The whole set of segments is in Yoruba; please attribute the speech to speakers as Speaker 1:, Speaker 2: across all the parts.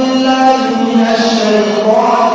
Speaker 1: بالله من الشيطان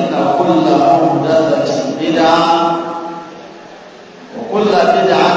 Speaker 2: فإن كل محدثة بدعة وكل بدعة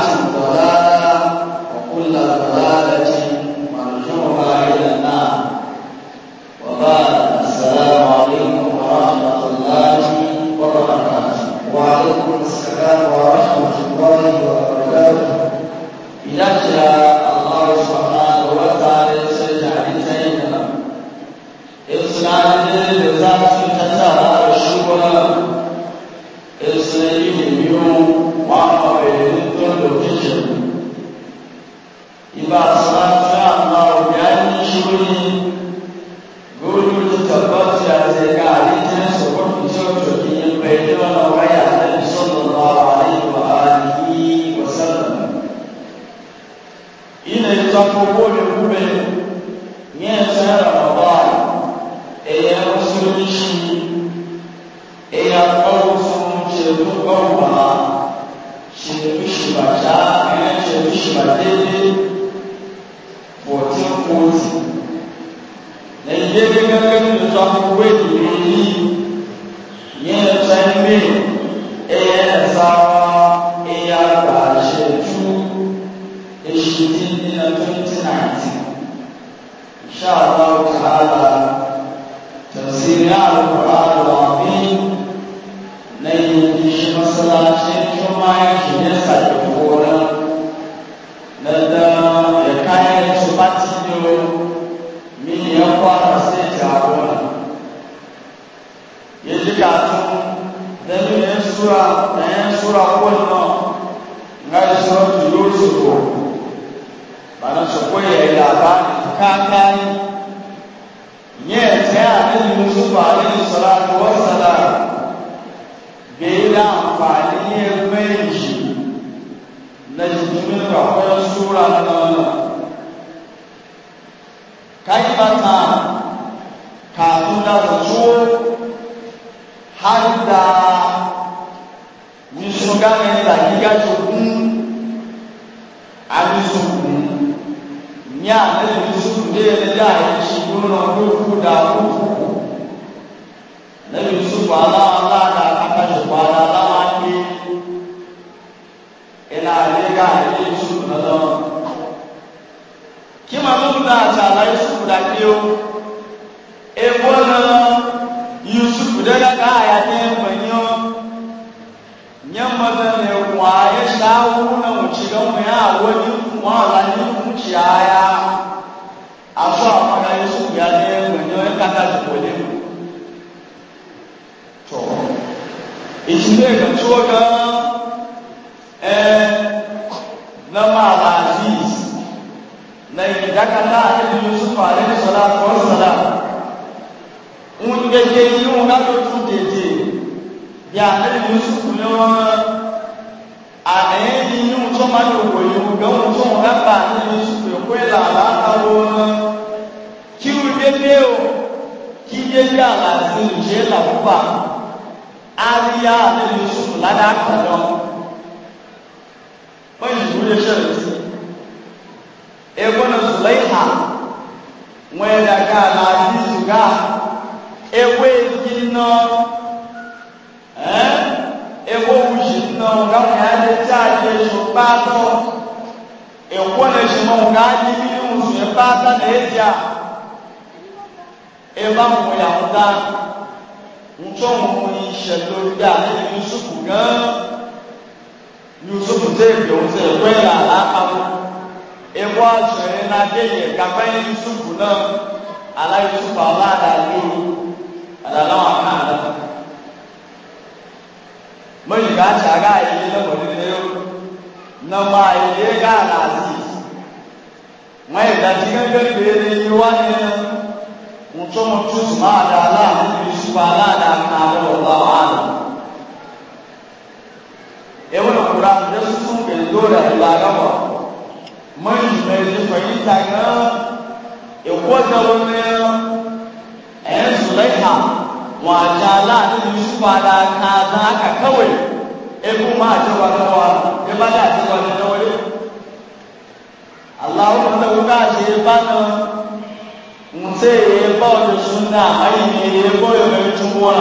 Speaker 2: zai ba da suna aini ne ya boye mai tumuwa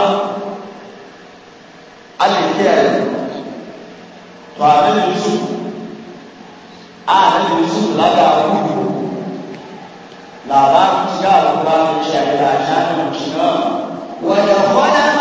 Speaker 2: alikiyar to a nan yusuf a nan yusuf lada kudu labarin shiga a rubanin shi a gida shi a nan shi na wadda wadda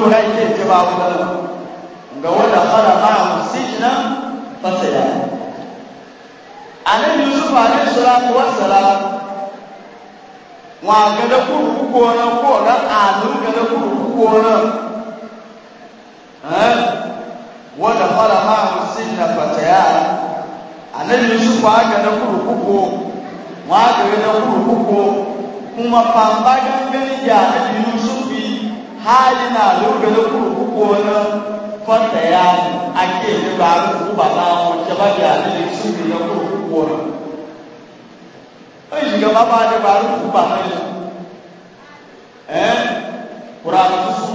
Speaker 2: nuna ilé ìjọba awúgbọ́n nga wọ́n dà fara máa wù sí iná fọ́sẹ̀ yá. Àlejò Yusuf Alẹ́sọ̀rọ̀ àtúwọ̀sẹ̀lá wọn àgẹ́dẹ́ kúrò púpọ̀ náà kó ọ̀gá àánú gẹ́dẹ́ kúrò púpọ̀ náà. Wọ́n dà fara máa wù sí iná fọ́sẹ̀ yá. Àlejò Yusuf àgẹ́dẹ́ kúrò púpọ̀ wọn àgẹ́dẹ́ kúrò púpọ̀ kuma pàmpá gẹ́gẹ́ níjà àlejò Yusuf hali na lóbele kurukuku wona kɔtɛ ya ake ne eh, ba kuruku baba wo jaba bi ale le su mi ne kurukuku wona eyi ke baba ne ba kuruku baba yi kura tutu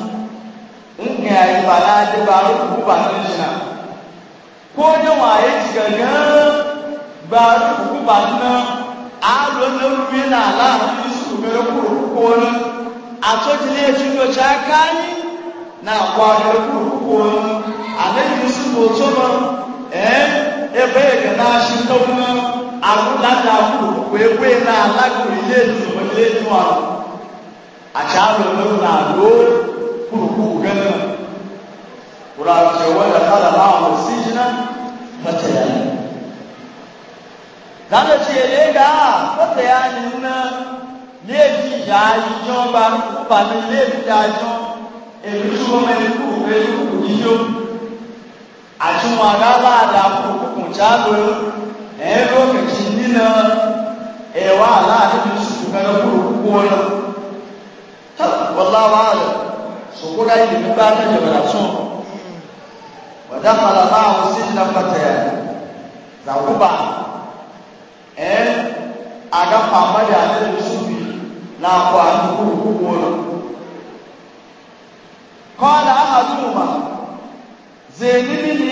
Speaker 2: nke ayi ba la ne ba kuruku baba yi na ko ne wa ye tigɛ ne ba kuruku baba na alo ne wuli na ala ne su mi ne kurukuku àtòjìlẹ̀ ìjúdòjì aka yí na àkọ́ ẹ̀kú púpọ̀ ọ̀nà ebe síbò tó lọ ẹ̀ ẹgbẹ́ ìgbẹ̀dá aṣíntọ́wọ́ náà àkúládà kú wẹ́wẹ́ náà alágbèrè ilé na ilé ìdìbò àwọn àṣàlò lọ́wọ́ náà ló kúrùkú gánà wúrà àtẹ̀wọ́ ìdàkálà léèdì ìyá ìyán bá kúpa ní léèdì ìdájọ́ èmi tí wọ́n mẹ́rin kú pẹ̀lú kù yíyó àtúnwọ̀n agábá àdàpọ̀ kùkùn jáde ẹ̀rọ kìkì nínú ẹ̀wà aláàdúgbò sùkú kẹ́lẹ́ kúrò kúkú wọn lọ. wọ́lá wa rẹ̀ sòkúrá yìí ní bá tẹ̀lé wọ̀dà tún wọ̀dà padà láwọn sí ìdàpàtẹ̀ làkúbà ẹ̀ àgàpà àmàlẹ̀ àti ìdàpàtẹ̀ na-akwa akụkụ ụkwụ ụlọ ka ọ na-ahazi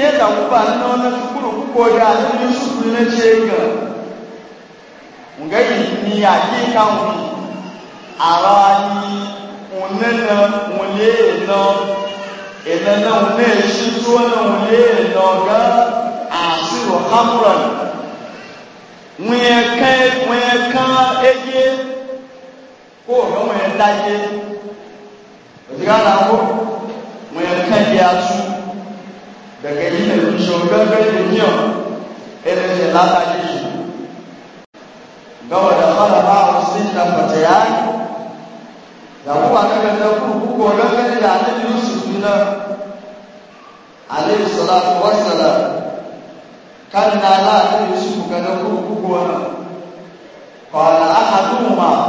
Speaker 2: ya da kuba na wani ya ni su ne ce ga ngai ya ki kan ku arani onena onye no onye shi tuwa na onye no ga asiru nwunye nwunye o ko ga mai dake wajen gana ko mai kan ya su daga yi da shugaban gajin yau irin da lalata shi gawa da fara ba a wasu da fata ya da kuma daga da kuku ko ga gani da annabi yusuf na alaihi salatu wassalam kan na la annabi yusuf ga na kuku ko na qala ahaduhuma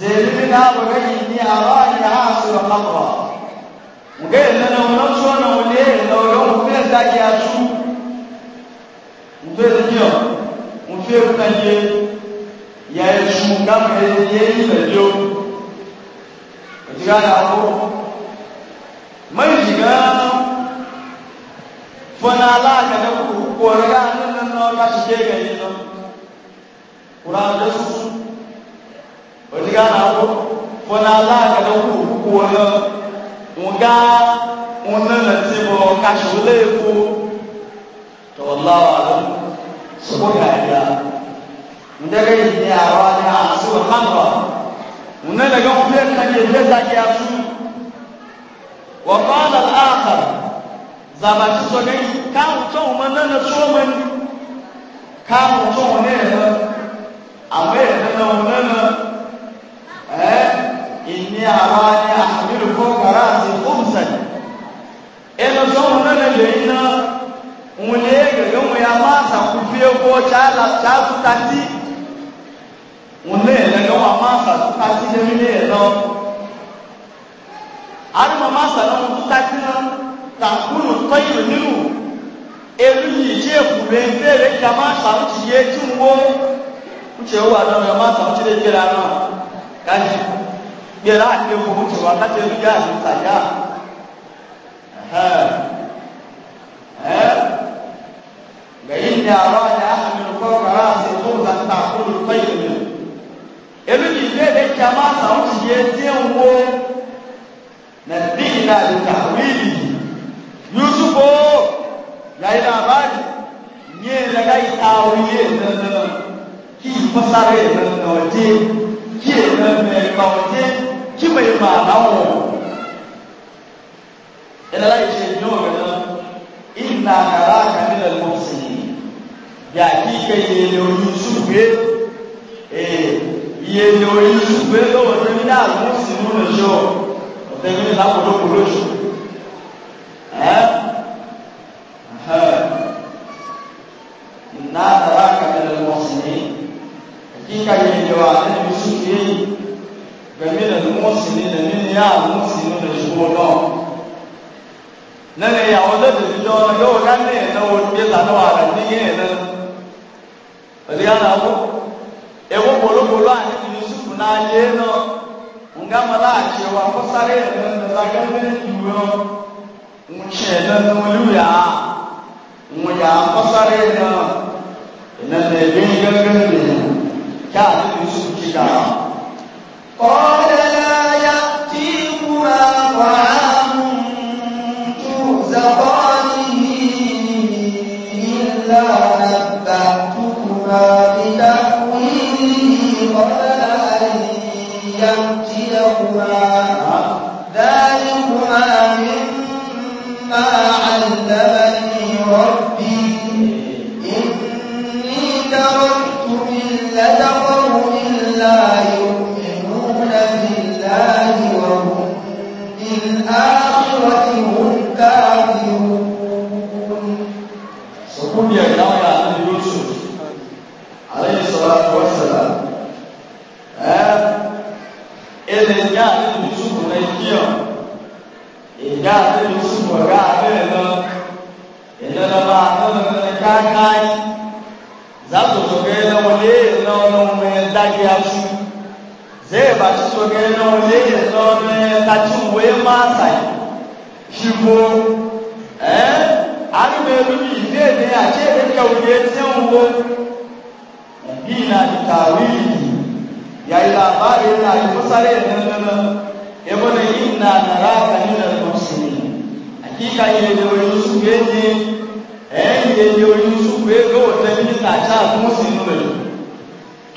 Speaker 2: dalilin na ba gani ni a ra'ayi ha su da kamra mu ga yalla na wannan so na mu ne na wannan mu ne da ya su mu fe da kiyo mu fe da ne ya yi su ga mu ne ya yi da yo diga da ko mai diga fana la òjìká náà kó fọnà aláàgbẹ̀dẹ̀ kú òkú wọn lọ wọn gá wọn nana tí bọ kàṣù léèkó tọ̀láwà lọ sọ́kọ́ kàyà ndẹ́gẹ́ yìí ní àwa ní àṣìwọ̀n hàmà wọn nana gá wọn fẹ́ kàn yẹ fẹ́ sáké aṣú wọn bá nà áàkà zàbàtì sọ̀gẹ́ yìí káwọn tó wọn nana tó wọn káwọn tó wọn nẹ́ẹ̀ẹ́ àmọ́ ẹ̀ẹ́dẹ́gbẹ̀rún náà ìní àwa ní àmìlú fún kàrá àti kùmsàn ẹnu tó ń lọ lè lèyìn náà ń lé gẹ̀gẹ́ wọn ya máa sàkúfí epo ṣáàtúta tí ń lé ẹ̀lẹ́gẹ́ wọn máa sàkúta tí lẹ́mí lé ẹ̀ lọ. àdùmọ̀ máa sàkúta tí náà tàkùnù tọ́yìn nínú èlú yìí jẹ́ èkùrẹ́ ìbéèrè kí a máa sàkúti yé ya máa sàkúti lè jẹ́ra náà káyìí gbẹ̀rẹ̀ àti ewu tó wà láti ẹnu yá àti ìtàyà lẹ́yìn ní àrọ́ àti àmìlú kọ́kọ́rọ́ àti ìfowópamọ́ àti àkóso pẹ́ ìlú èmi ní ilé ẹ̀dẹ́ kí a máa sàwọn ti yé tí ń wo nàbí ìlà àdìgbà wíìlì yusufu yàrá àbáyé ní ẹ̀rẹ́ láyé ta orí kí ìfọ́sáré ẹ̀ dandan ọ̀dẹ́ yie mɛmɛ bawɔde kima yi ma n'awɔ ɛnana ina kala kani na lɔ si bi a ti kɛ yele o yi sugbɛ ee yele o yi sugbɛ lɔwɔ mùsùlùmí nà mí ní yà mùsùlùmí nà ìṣòwò náà nana ìyàwó lẹ́dìí lọ yóò ká ní ẹ̀nà òdìdí lànà wà rẹ̀ ní yẹn ẹ̀nà pẹ̀lú yà nà wọ́ ẹ̀wọ́ polópoló àti yusuf náà yé náà nga mala àti ẹ̀wọ́ akọ́sáré ẹ̀nà nígbàgbẹ́ ìwé ọ̀ ńkyẹ̀ ẹ̀nà níwọ̀lú yà á ŋun yà akọ́sáré ẹ̀nà ẹ̀nà ẹ̀gbẹ́ gẹ́gẹ́ bẹ̀rẹ̀ káàdì yusuf kíkà.
Speaker 1: ọ̀rẹ́
Speaker 2: soge na ulege sone kachungwe masai shibo eh ari me lumi ide ne ache ne ka uye tsenwo ina tawili ya ila bari na yusare nanana ebona inna naraka min al-muslimin hakika ile ndio Yusuf yeye eh ile ndio Yusuf yeye utaimisa cha muslimu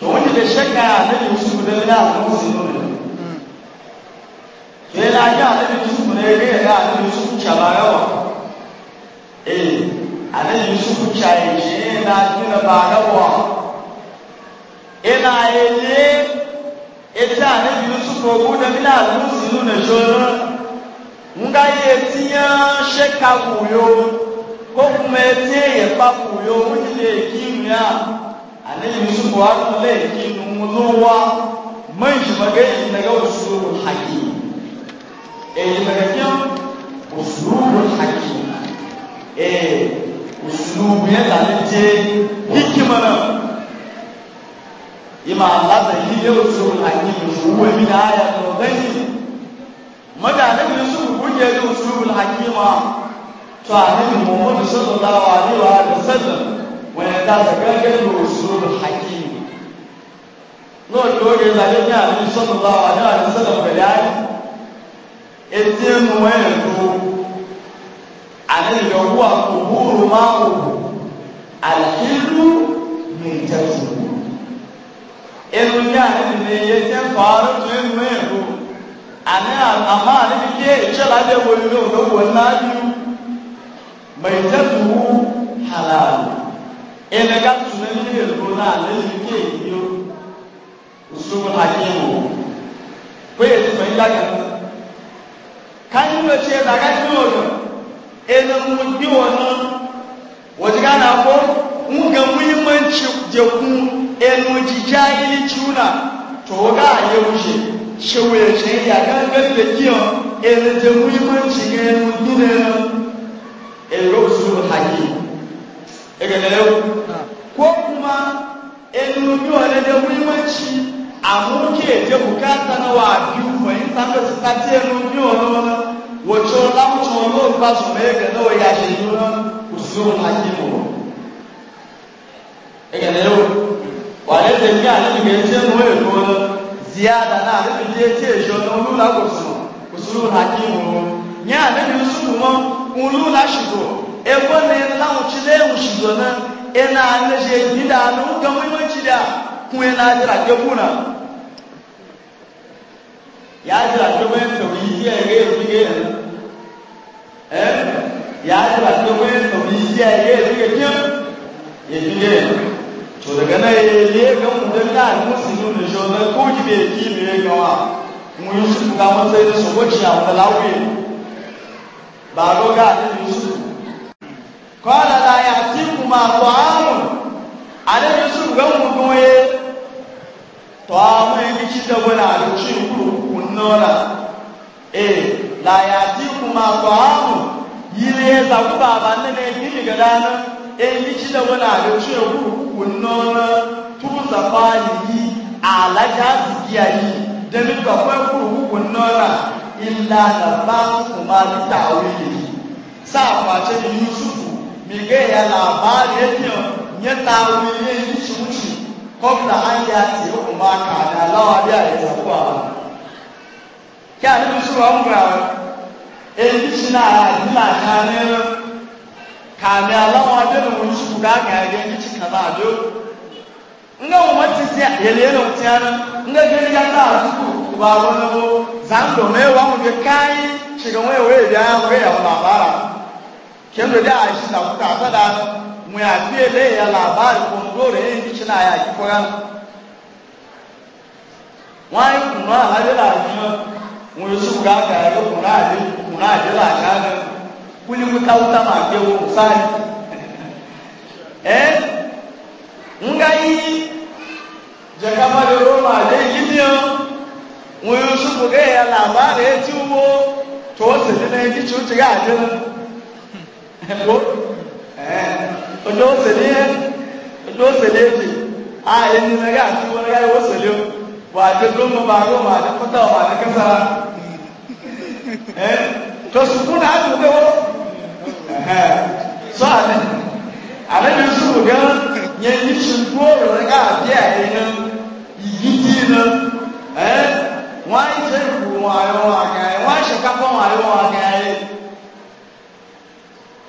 Speaker 2: tòun ti lè ṣẹ́ka àtẹ́lẹ̀ oṣù tó lẹ́lẹ́ àwọn oṣù lónìí
Speaker 1: ele ajá àtẹ́bí yusufu náà
Speaker 2: eré ẹ̀rá àtẹ́bí yusufu kyabara wà ee àtẹ́bí yusufu kyayi kyee na àtẹ́bí na baara wà ena ayẹyẹ eti àtẹ́bí yusufu ogun na bi na alusi nu na zoro nga yẹ tiya hyẹka wuyo ko kuma eti yẹ fa wuyo wọ́n ti lè kí mu ya àtẹ́bí yusufu wa tún lè kí mu lọ́wọ́ mọ̀ ìjùmọ̀ gẹ́gẹ́ ìdàgẹ́ òṣùwò hàkì elimɛkɛm usulubu haki ee usulubu yɛ ta ne tie hikima na ima alaza yi yɛ usulubu haki usulubu mi na ayɛ no ɔbɛyi mɔdɛ ale mi nso kuku yɛ yɛ usulubu haki ma tɔ ale mi mɔ mɔdɛ sɔsɔ ta wa ale wa ale sɛlɛ wɔyɛ ta sɛ gɛgɛ no usulubu haki n'o tɔ yɛ la nyɛ ale sɔsɔ ta wa ale wa ale sɛlɛ pɛlɛ ayi. etie nu ɛlu ale yɔwu akuhuru mawu alihilu nidzasu elu ya ɛdini etie faara tu enu ɛlu ale ama ale bi ke etsɛ la de wɔ ninu ɔno wɔ n'adu mɛdzasu halal ele ka na ma kanyi lo ce da ga ji oyo e na mu ji wono waje ga na ko mu ga muhimmanci je ku e nu ji jahili tuna to ga ye wuce shewe she ya ga ga be kiyo e na je muhimmanci ga e nu ji ne e ro su haji e ga ne ko kuma e nu ji wono da amuke je bukata na wa biyu fahimta ka su ta ce mun biyu wani wani wacce wala ba su mai ga nawa ya shi yi wani usurun hakimu ega na yau wale da ni a nan ga ce mu wani wani ziyada na a nan je ce shi wani wani la gusu usurun hakimu ni a nan yi su kuma ulu la shigo ebo ne na wuce le wuce zo na ina an da shi bida nun ga muhimmanci da kún na jira jobu na ya jira jobu ya tauhidi ya ga yake eh ya jira jobu ya tauhidi ya ga yake kin ya jige to daga nan ya ga mu da da musulmi ne jo na ko ki be ki ne ga wa mu yusuf ga mun sai da sokoci a wala wi ba go ga ni yusuf qala la ya'tikum ma ta'amun ala yusuf ga mu goye tọ́wọ́ ẹni tí dọ́gbọ́n náà ló ṣe ń kúrò kù náà ee láyà tí kò máa tọ́ àrùn yílé ẹ̀sàkú bàbá nínú ẹni nìkan dáná ẹni tí dọ́gbọ́n náà ló ṣe ń kúrò kù náà tún sàfà yìí àlájá àdìgí ayé dẹ́nu gbàgbọ́ kúrò kù náà ilà nàbà kò máa ní tàwé yìí sáà pàṣẹ Yusuf mìgẹ́ yà rẹ̀ yàn nyẹ́ta wọlé Yusuf yìí kọ́bùlà ayé àti òkùnbá kàdé aláwọ̀ abẹ́ àìsàkó àwọn. Kí àdébí sọ̀rọ̀ ń gbà wọ́n, èyí ti náà àdúrà kàdé kàdé aláwọ̀ abẹ́ ni wọ́n ti kúrò àgàdé ní kìkàlá àdó. Nga wọ́n ma ti sẹ́ yẹlẹ́ yẹlẹ́ wọ́n nga gbé nígbà tá a dùkú wà wọ́n ní wọ́n zàndọ̀ mẹ́ wà wọ́n gbé káyé ṣèkè wọ́n yẹ wọ́n yẹ bàbá rà. Kí ẹ̀ ń lò dé àìsàn àkókò àtọ́dá náà mai abele ya labari kondoro ni bici na ya ki koyan
Speaker 1: wani kuna alade la biyu wani su ga ka yi
Speaker 2: kuna ade kuna ade la ka ne kuli wuta wuta ma ke wo musali eh nga yi jaka ma de roma de yibiyo wani su ga ya labari ya ci wo to wasu ne na yi bici ga ade na eh ọjọ́ òsèlè ọjọ́ òsèlè èjì a ẹni lẹ́gà àti wọn lẹ́gà yóò sèlè o wà á dé gbọ́mọ bá rò mà á dé kọ́tà mà á dé kẹta ẹ tó sùkú náà dùn pé wọ́n sọ àdé àdé mi sùkú gan yẹn ní sùkú ọ̀rọ̀ lẹ́gà àbí àyè náà yìí dì náà ẹ wọ́n á yí sẹ́yìn kù wọ́n wọ́n á ṣe kápọ́ wọ́n àyè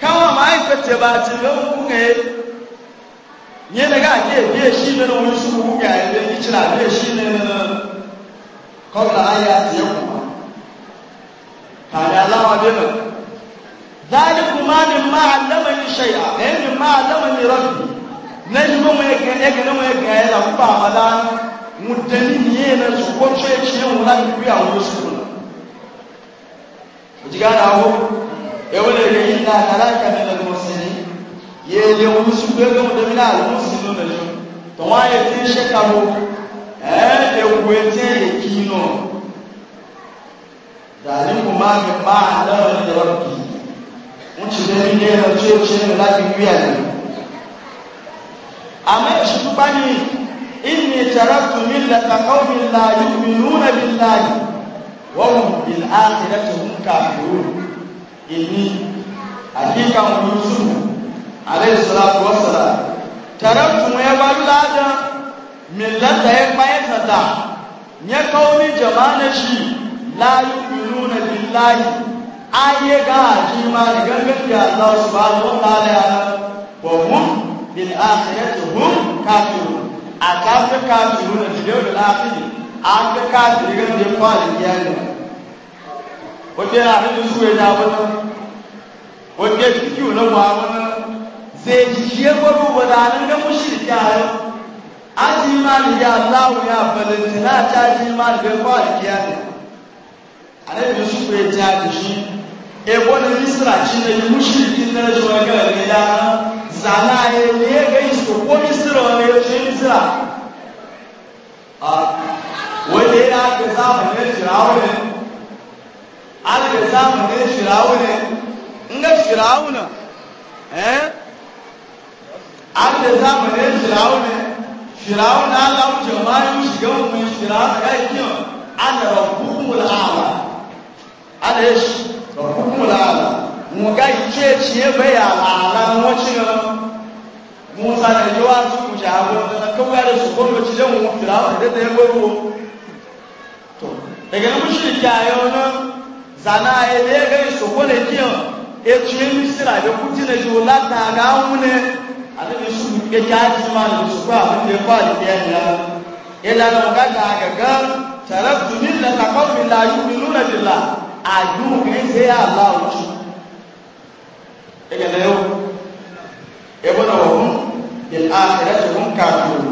Speaker 2: kawo ma ai fete ba ti ga mu ne nye na ga ke biye shi ne na wani su mu ga ya ne ki na biye shi ne na qabla ayati yakum ka ya lawa be e e e ba zalikum ma min ma allamani shay'a ay min ma allamani rabbi najmu ma yake yake na ma yake ya la ba mala mutani ne na su ko ce ce mu la ku ya wani su ku jigana ho ewele ke inna kalaka min al muslimin ye le wusu be ko de min al muslimin ne jo to wa ye tin she ka mo eh de we te le kino dalimu ma ke ma ala ni rabbi mun ci de ni ne ce ce ne la bi biya ne amma shi bani inni taraktu millata qaumin la yu'minuna billahi wa hum bil akhirati hum kafirun inni hakika yusuf alayhi salatu wassalam taraktu ya balada millata ya bayata ya kauni jama'a shi la yu'minuna billahi aye ga ji ma daga gaskiya Allah subhanahu wa ta'ala wa hum bil akhirati hum kafirun a kafir kafirun da yau da akhiri an ka kafir ga da kwalin yayin wata yana hannun suwe na wani wata ya fi kiwo na wa wani zai ji shi ya gwaro wadannan da mushi da yaran aji ma da ya allahu ya balantina ta ji ma da ya kwa alkiya ne a nan da suwe ta da shi e wani misra shi na yi mushi din na rashin wani gara da yaran zana ya ne ya gaisu alga samu ne shirawune nga shirawuna eh alga samu ne shirawune shirawuna Allah mu jama'a shiga mu shirawuna ga kiyo ana rabbukumul a'la ana shi rabbukumul a'la mu ga ce ciye bai al'ala wacin Musa da yawa su ku shahabu da kawai da su kuma ci jan mu firawuna da ta yi gwaro to daga nan mushrika yau nan zana ele ga isoko ne kiyo etu emi sira be kuti ne jo lata ga wune ale ni su ke ja e e e ji ma ni su ba mu de ba ni ya ya ila no ga ga ga ga taraktu lil la qawmi la yu'minuna billah aju ke se allah uchu egele yo ebo na won bil akhirati hum kafirun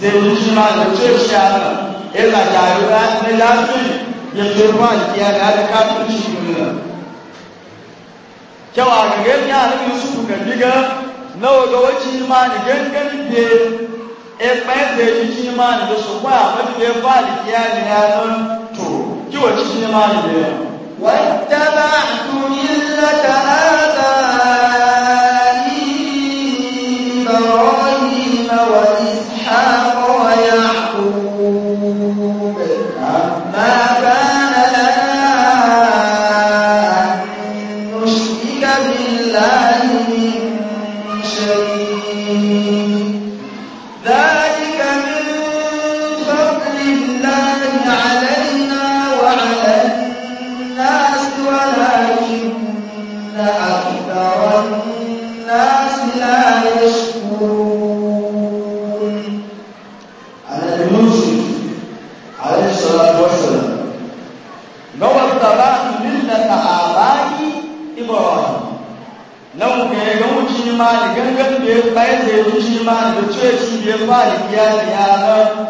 Speaker 2: zai yi ma da ce shi ana ila ya yi ra ne ya fi ya girma alkiya da hada kafirci duniya kyawa ga gani ya hannun yusufu ga diga nawa ga wace imani gangan da ya bayar da ya ji imani da su kwaya mafi da imani da cewa shi da ya ba da biya da yana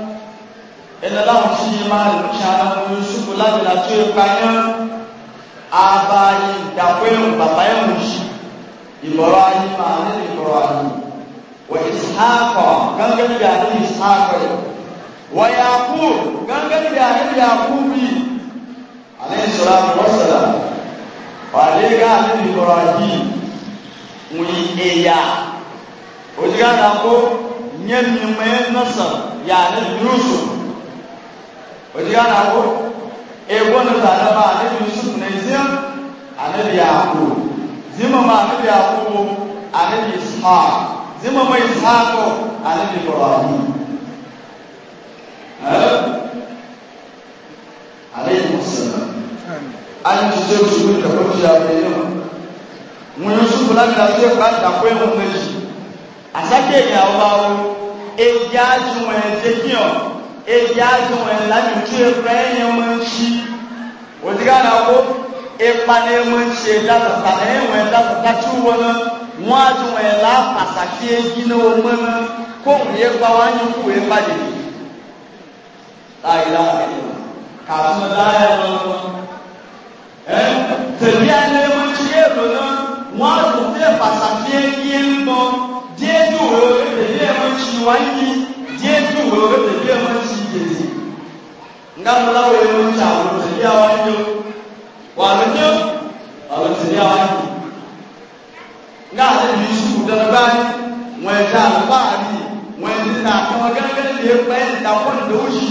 Speaker 2: ina lawan shi imani da shana kuma su kula da cewa bayan a bayi da kwayon babayen mushi ibrahim ma ne ibrahim wa ishaqa gangan da ne ishaqa wa yaqub gangan da ne yaqubi alayhi salatu wassalam wa alayhi ibrahim mu yi eya ojigana ko nyɛnumɛ nasa yaani yusuf ojigana ko ebo ne zana ma ale yusuf ne zim ale de yaako zima ma ale de yaako ale de ishaq zima ma ishaako ale de ibrahim eh? alayhi wasalam an ti se su ta ko ti a bɛ yen mun yusuf la ti la se ba ta ko ye mun bɛ si àṣàkè ìyàwó bá wọ èyí ájú wọn ẹ̀ẹ́dẹ́gbìyàn èyí ájú wọn ẹ̀lájútú ẹ̀fẹ́ ẹ̀yẹ wọn ń ṣí òdìgá náà wọ ìpàdé wọn ń ṣe dáàtàtà ẹ̀yìn wọn dáàtàtà tí wọn náà wọn ájú wọn ẹ̀lá pàtàkì ẹ̀yí náà wọn mọ́ náà kóhùn yẹ gba wọn ányú kú ẹ̀ bá dé láyé láyé kàtúndà ẹ̀ lọ́wọ́ ẹ̀ tẹ̀lé ẹ̀ ní ẹ̀ mọ́ ṣí ẹ̀ lọ́wọ́ wọn lò pé pàtàkì ẹyẹ ń bọ díẹ dùn wọ ebèbè ẹmọ tsi wáyé díẹ dùn wọ ebèbè ẹmọ tsi yèzì ńgàmúlá wo ẹmọ tsi àwọn tẹlẹ àwọn ẹyọ wà ló nyọ àwọn tẹlẹ àwọn ẹyọ ńgá àti ìlú sùkù dẹrẹ báyìí wọn ẹja àlùbá àbí wọn ẹni nà àkàwọn gángan lè pẹ ìdàpọ̀ ìdòwòsì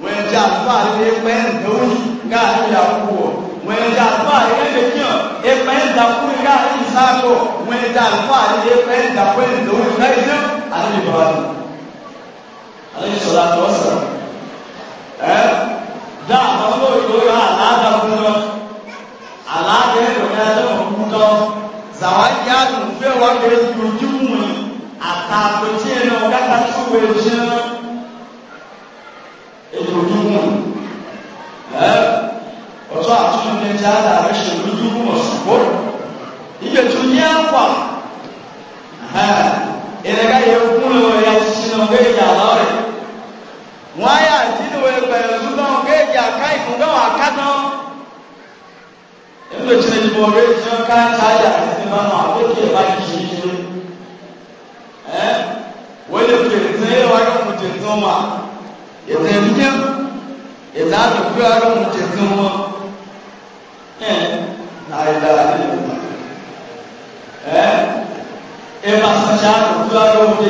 Speaker 2: wọn ẹja àlùbá àbí lè pẹ ìdòwòsì ńgá àti ìyàwó wọ mwenda alfa iremekiyo ependa kuiga insako mwenda alfa ependa kwenda uikaizo alayhi ibrahim alayhi salatu wassalam eh da babo yoyo alada kuno alada yoyo ya kuno zawadi ya mpe wa kujumu atakotie na ogata chuwe jina ejumu eh wato a cikin da ja da rashin rudu masu ko iya tun ya kwa ha ina ga ya kuma ya ci na ga ya laure wa ya ji da wai ba yanzu da ga ya kai kun ga wa ka no in da cin jibo ga ya ka ta ja cikin ba ma ko ke ba ki shi eh wani ke zai wa ga mutum zoma ya zai mutum ya za ta kuyar mutum zoma la ilaha illallah eh e masachano kula wa pe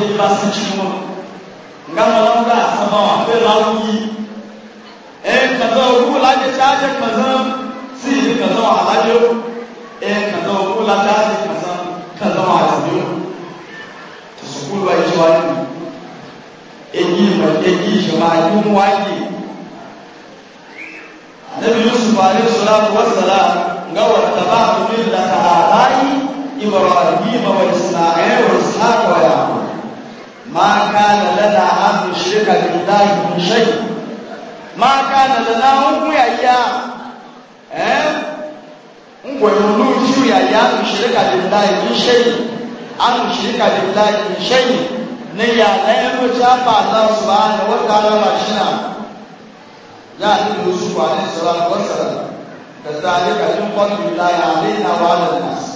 Speaker 2: annabi yusuf alaihi salatu wassalam ga wa tabatu millata abai ibrahim wa isma'il wa ishaq wa yaqub ma kana lana an nushrika billahi min shay ma kana lana hukmu eh? ya ya eh ngwenu nuju ya ya nushrika billahi min shay an nushrika billahi min shay ne ya na yaro ta ba Allah subhanahu wa ta'ala mashina يأتي يوسف عليه الصلاة والسلام كذلك ينقل بالله علينا وعلى الناس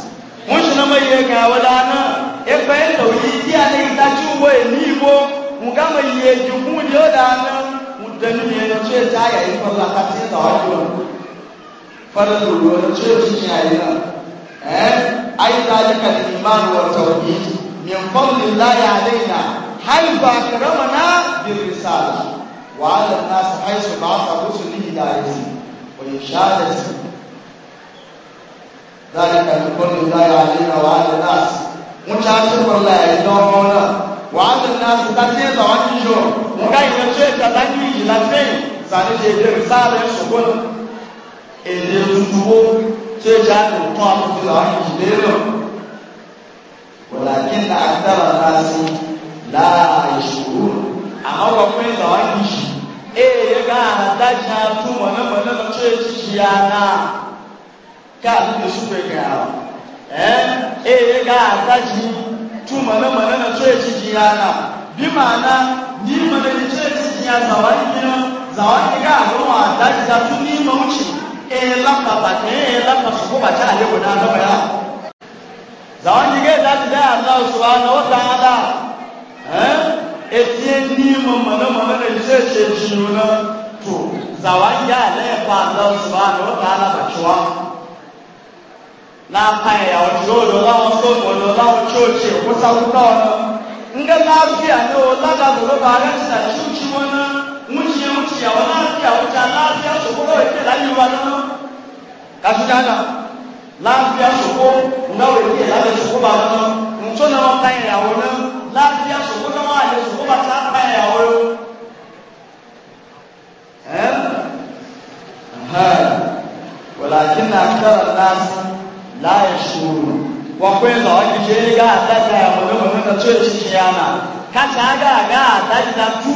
Speaker 2: mushina mai ye ga wadana e fa en tawhidi ya ne ta ci wo ni bo mu ga mai ye ju mu yo dana mu dan ne no ce ta ya yi fa ka ci ta wa ko fara do do no ce ci ya yi na eh ai zalika al-iman wa tawhid min fadlillahi alaina hal ba karamana bi risalah وعلى الناس حيث بعث الرسل لهدايته وإرشادته ذلك لكل الله علينا وعلى الناس متعجب والله يدور مولا وعلى الناس تتيز عن جيجون وكاين يجي تتاني لاتين ساني جيجي رسالة سكون إذا تدوو تجعل الطعم في العين جيجون ولكن أكثر الناس لا يشكرون amma kwakwai da wani shi eh ya ga daji na tu mana mana na ce ci ya na ka da su kai ga eh eh ya ga daji tu mana mana na ce ci ya na bi mana ni mana ni ce ci ya zawani ne zawani ga ruwa daji da tu ni mauci eh la ka ba ne eh la ka su ko ba ta ale guda da ya zawani ga daji da Allah subhanahu wa ta'ala eh etie nimu mana mana da sheshe juna to zawaya ne fa Allah subhanahu wa ta'ala bachuwa na paya ya ojo do la o so ko do la o choche ko sa ko ta ona nga na bi a no la da do ba ga sa chuchi wona muchi ya muchi ya wona ya o ta la bi a so ko ro e la ni wa no ka su ta na la bi a so ko na o e la bi so ko ba no nto na wa paya ya wona lafiya su kuma wale su kuma ta kaya wurin walakin na karar nasu layin shuru wakwai da wani je ga daga ya mana mana na ce shi yana ka ta ga ga daga da tu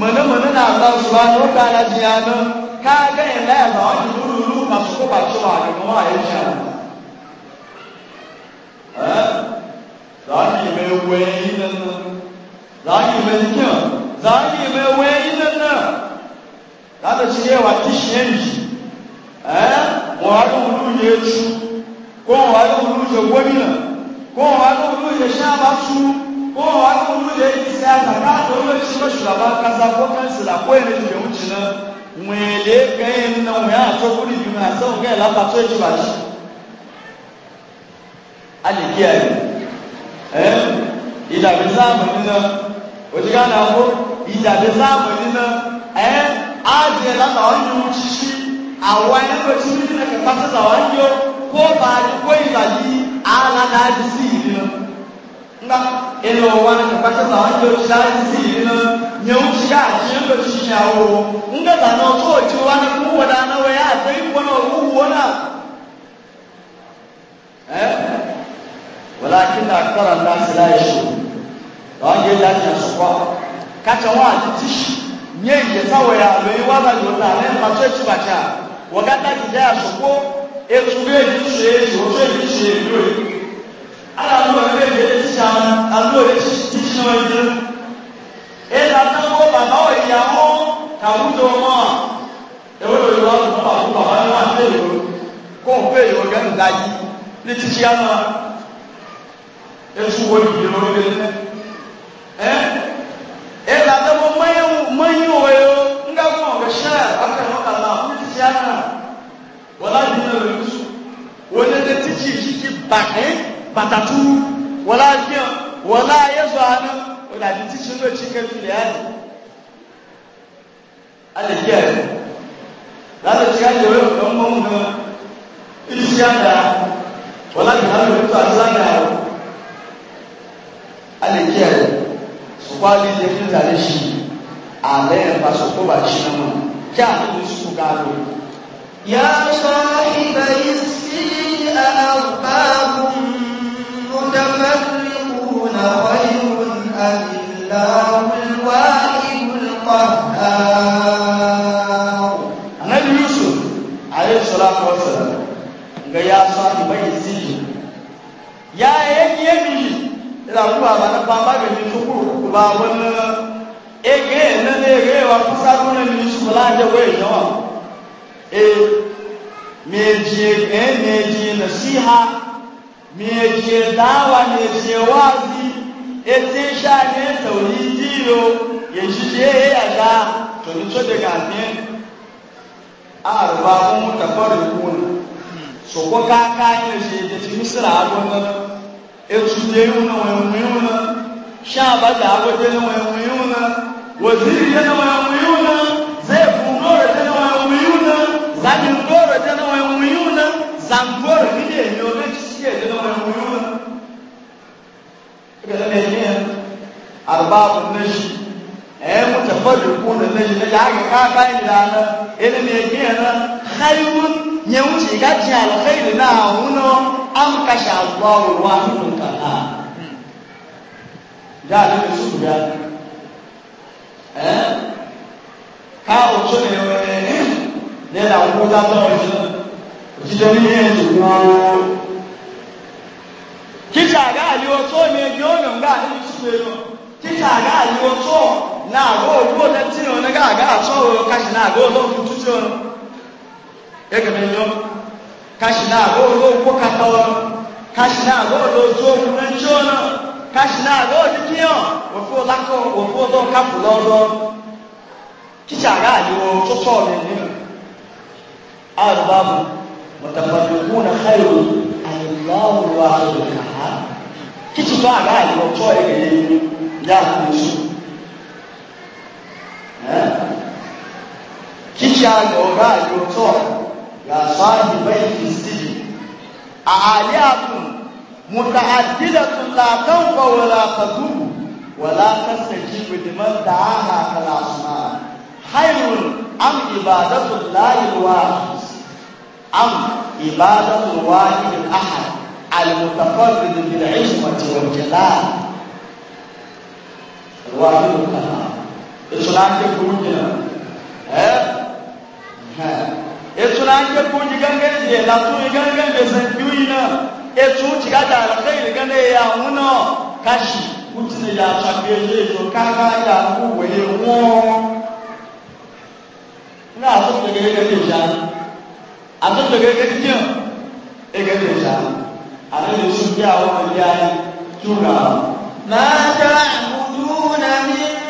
Speaker 2: mana mana na Allah subhanahu wa ta'ala jiyana ka ga ya la ba wani ruru ka su ko ba su wa ga ma yi nan nan za ki mai jikin za ki mai waya yi nan nan za ta ci yawa kishiyan ji eh wani wulu ya cu ko wani wulu ya gwamna ko wani wulu ya sha ba su ko wani wulu ya yi siyasa ka ta wani shi ba shugaban kasa ko kansila ko yana da wuce nan mwele kayan nan wani a tokuri biyu na sau kai lafa so ya ci ba shi alikiya ne eh ìjàbí sáàmù nínú òjìká náà kó ìjàbí sáàmù nínú ẹ ájìyẹ látàwọn yóò ṣíṣí àwọn ẹni tó ti ní ẹ̀kẹ́ pàṣẹ sàwọn yóò kó bá kó ìgbà yìí àlànà àjì sí ìlú nga ẹnu wọn ẹni pàṣẹ sàwọn yóò ṣe àjì sí ìlú nyẹwò ṣí àjì yẹn ló ṣí ní àwọ nga lànà tó o ti wọn kó wọn dáná wọn yà àtẹ ìwọ náà owó wọn náà walakin akthara an-nas la yashkurun wange ndani ya sokwa kata wati tishi nyeye tawe ya meiwaza yona ne matwechi bacha wakata kijaya sokwo etube tishe yote tishe yote ala ndo ne ne tisha ando ne tishi no yote ela tango baba o yawo kabuto mo ewo lo yawo baba baba wa ne ko pe yo ga ndaji ni tishi ana esu wo dìde lórí bẹ́ẹ̀ ẹ́ ẹ́ làtẹ́wọ́ mẹ́yìn òwe o ńgá fún ọ̀rẹ́ ṣẹ́ akẹ́wọ́ kàlá fún títí àná wọ́n láti ní ọ̀rẹ́ lùsù wọ́n lé lé títí ìṣíkí bàtẹ́ bàtàtú wọ́n láti yàn wọ́n láyé zọ àná wọ́n láti títí ní òtí kẹfìlẹ̀ àná. Alẹ́ díẹ̀ láti tí a jẹ́ wẹ́n fún ọmọ mọ́ ìṣí àná wọ́n láti láti wọ́n tó àti láti àná ale kiyaye su kwali da kin zare shi a bayan ba su ko ba shi nan kya ne su gado ya
Speaker 1: sahibai sijin arbabun
Speaker 2: mutafarriqun khayrun am
Speaker 1: illahu alwahidul
Speaker 2: qahhar annabi yusuf alayhi salatu wassalam ga ya sahibai sijin ya yayi yayi ila ku na baba ni ku ku ba ege na ege wa ku na ni su e me je e me dawa me wazi e te sha ne to ni ji yo ye shi je e ni so de ga arba mu tafarruqun so ko ka ka ne je de misra abun nan etsude wuna um, um wɛnwui wuna shaabada agbɛte ne um wɛnwui wuna waziri yɛ ne wɛnwui wuna zeefu nɔɔre te ne wɛnwui wuna zani nɔɔre te ne wɛnwui wuna zangɔre mi ne enyo ne sisi yɛ te ne wɛnwui wuna ekele ne enyo yɛ arbaabu neji neji neji ake kaka yi da ele ne enyo yɛ na xayiwu nyɛ ŋutsu yi ka tiɲɛ an kashe allahu wahidun kana da ni su da eh ka o tún ní ní la wo da to o tún o ti deni ni eju no kíkà gáàlì ọtọ ni ẹgbẹ ọnà ń gbà ní ìtúwé lọ kíkà gáàlì ọtọ náà àgọ òwúrò lẹtí ọ̀nà gàgà àtọ òkàṣì náà àgọ òlọ́ọ̀kú tútù ọ̀nà gẹ́gẹ́ bí lọ́wọ́ kashi na agolo kokata ọnụ kashi na agolo ozu okwu na nchi ọnụ kashi na agolo kiyo ofu ụlakọ ofu ụlọ kapụlụ ọnụ kicha aga adịwo ọtụtụ ọdịnihu arụbabụ mọtamadukwu na khairu allahu wa ha kichi tọ aga adịwo tụọ ege n'ihu ya kwusu eh? kichi aga ọga adịwo tụọ ya sahi bai sijin aliyatun muta'addidatun la tanfa wa la tadum wa la tastajibu liman da'aha kala asma khairun am ibadatu llahi alwahid am ibadatu alwahid alahad المتفرد بالعصمة والجلال الواحد القهار إسلام كبير ke ko ji gangan je la tu gangan be san duina e tu ci ga da la kai ga ne ya uno kashi uti ne ya cha be je to ka ga ya ku we wo na so ke ga ga ja a so ke ga ga ji e ga ne ja a ne su ya wo ya ki ga
Speaker 1: ma ta'buduna min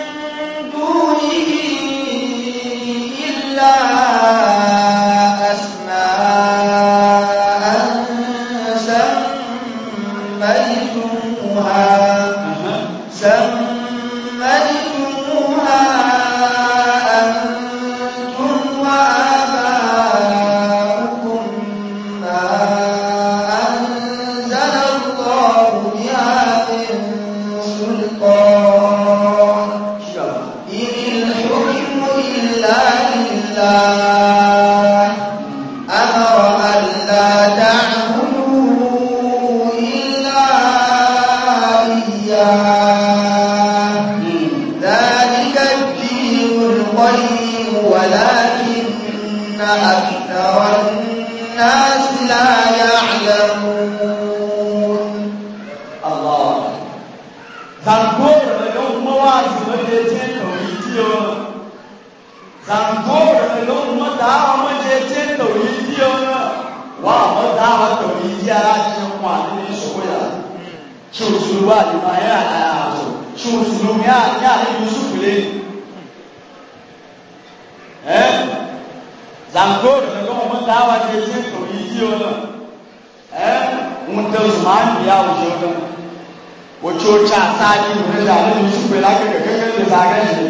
Speaker 2: yusufu la kɛkɛ kɛkɛ de ba kɛ zi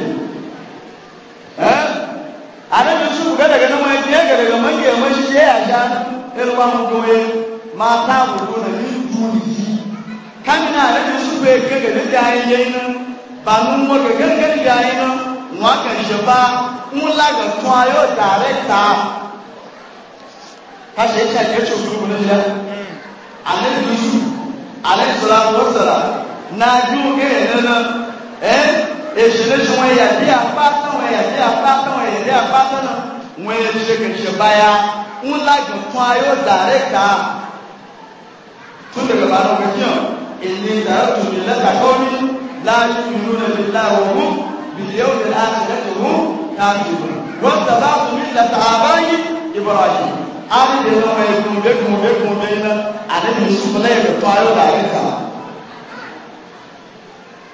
Speaker 2: ɛ ale yusufu kɛ dɛgɛ nama diɛ kɛlɛ kɛ mɛngi yɛ mɛsi yɛ yaja ɛlu ba mu dɔn ye maa taa o dɔn na ni du ni yi kamina ale yusufu yɛ kɛkɛ de di ayi yɛ yina ba nu mɔ kɛ kɛkɛ de di ayi yina ŋɔ kɛ zi ba ŋula kɛ tɔn a yɔ daare taa kasi esi a kɛ tso duuru ne lɛ ale yusufu ale sɔrɔ a wɔ sɔrɔ naa ju e yɛrɛ la ezhelezi wọn yà dé apáta wọn yà dé apáta wọn yà dé apáta náà wọn ezhe kẹsẹ báyà ńlá gbọ̀ntàn ayé ó dàrẹ́ ká tún lè bàbá náà wọ́n yàn èyí dàrẹ́ tó lè lẹ́ta kọ́ni láàyè ìlú náà lè la òun bìlẹ̀ òun lè àti lẹ́tọ̀ òun káàdì òun wọ́n sábà fún mi lẹ́tà àbáyé ìbọ̀rọ̀ àyè àti ìdè wọn yẹ kùn bẹ́ẹ̀ kùn bẹ́ẹ̀ kùn bẹ́ẹ̀ náà àdéhùn ìṣúná yẹ kẹtọ́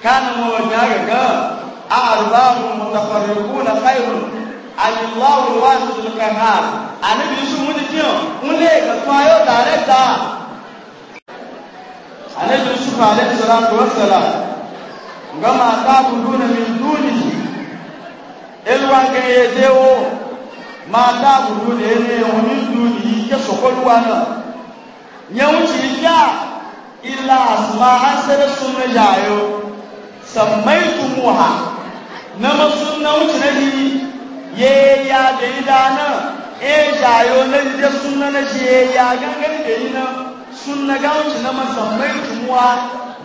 Speaker 2: كان موجهه أربعة متفرقون خير عن الله الواحد القهار أنا بيشو مودي كيو وليك أتوايو دارك دا أنا بيشو عليه الصلاة والسلام كما تعبدون من دونه إلوان كيديو ما تعبدون إليه ومن دونه كسوكولوا أنا يوم شيئا إلا أسماء سرسون جايو sammaitumuha na masunna wucinani ye ya da idana e jayo na da sunna na shi ye ya gangan da yi na sunna ga wuci na masammaitumuha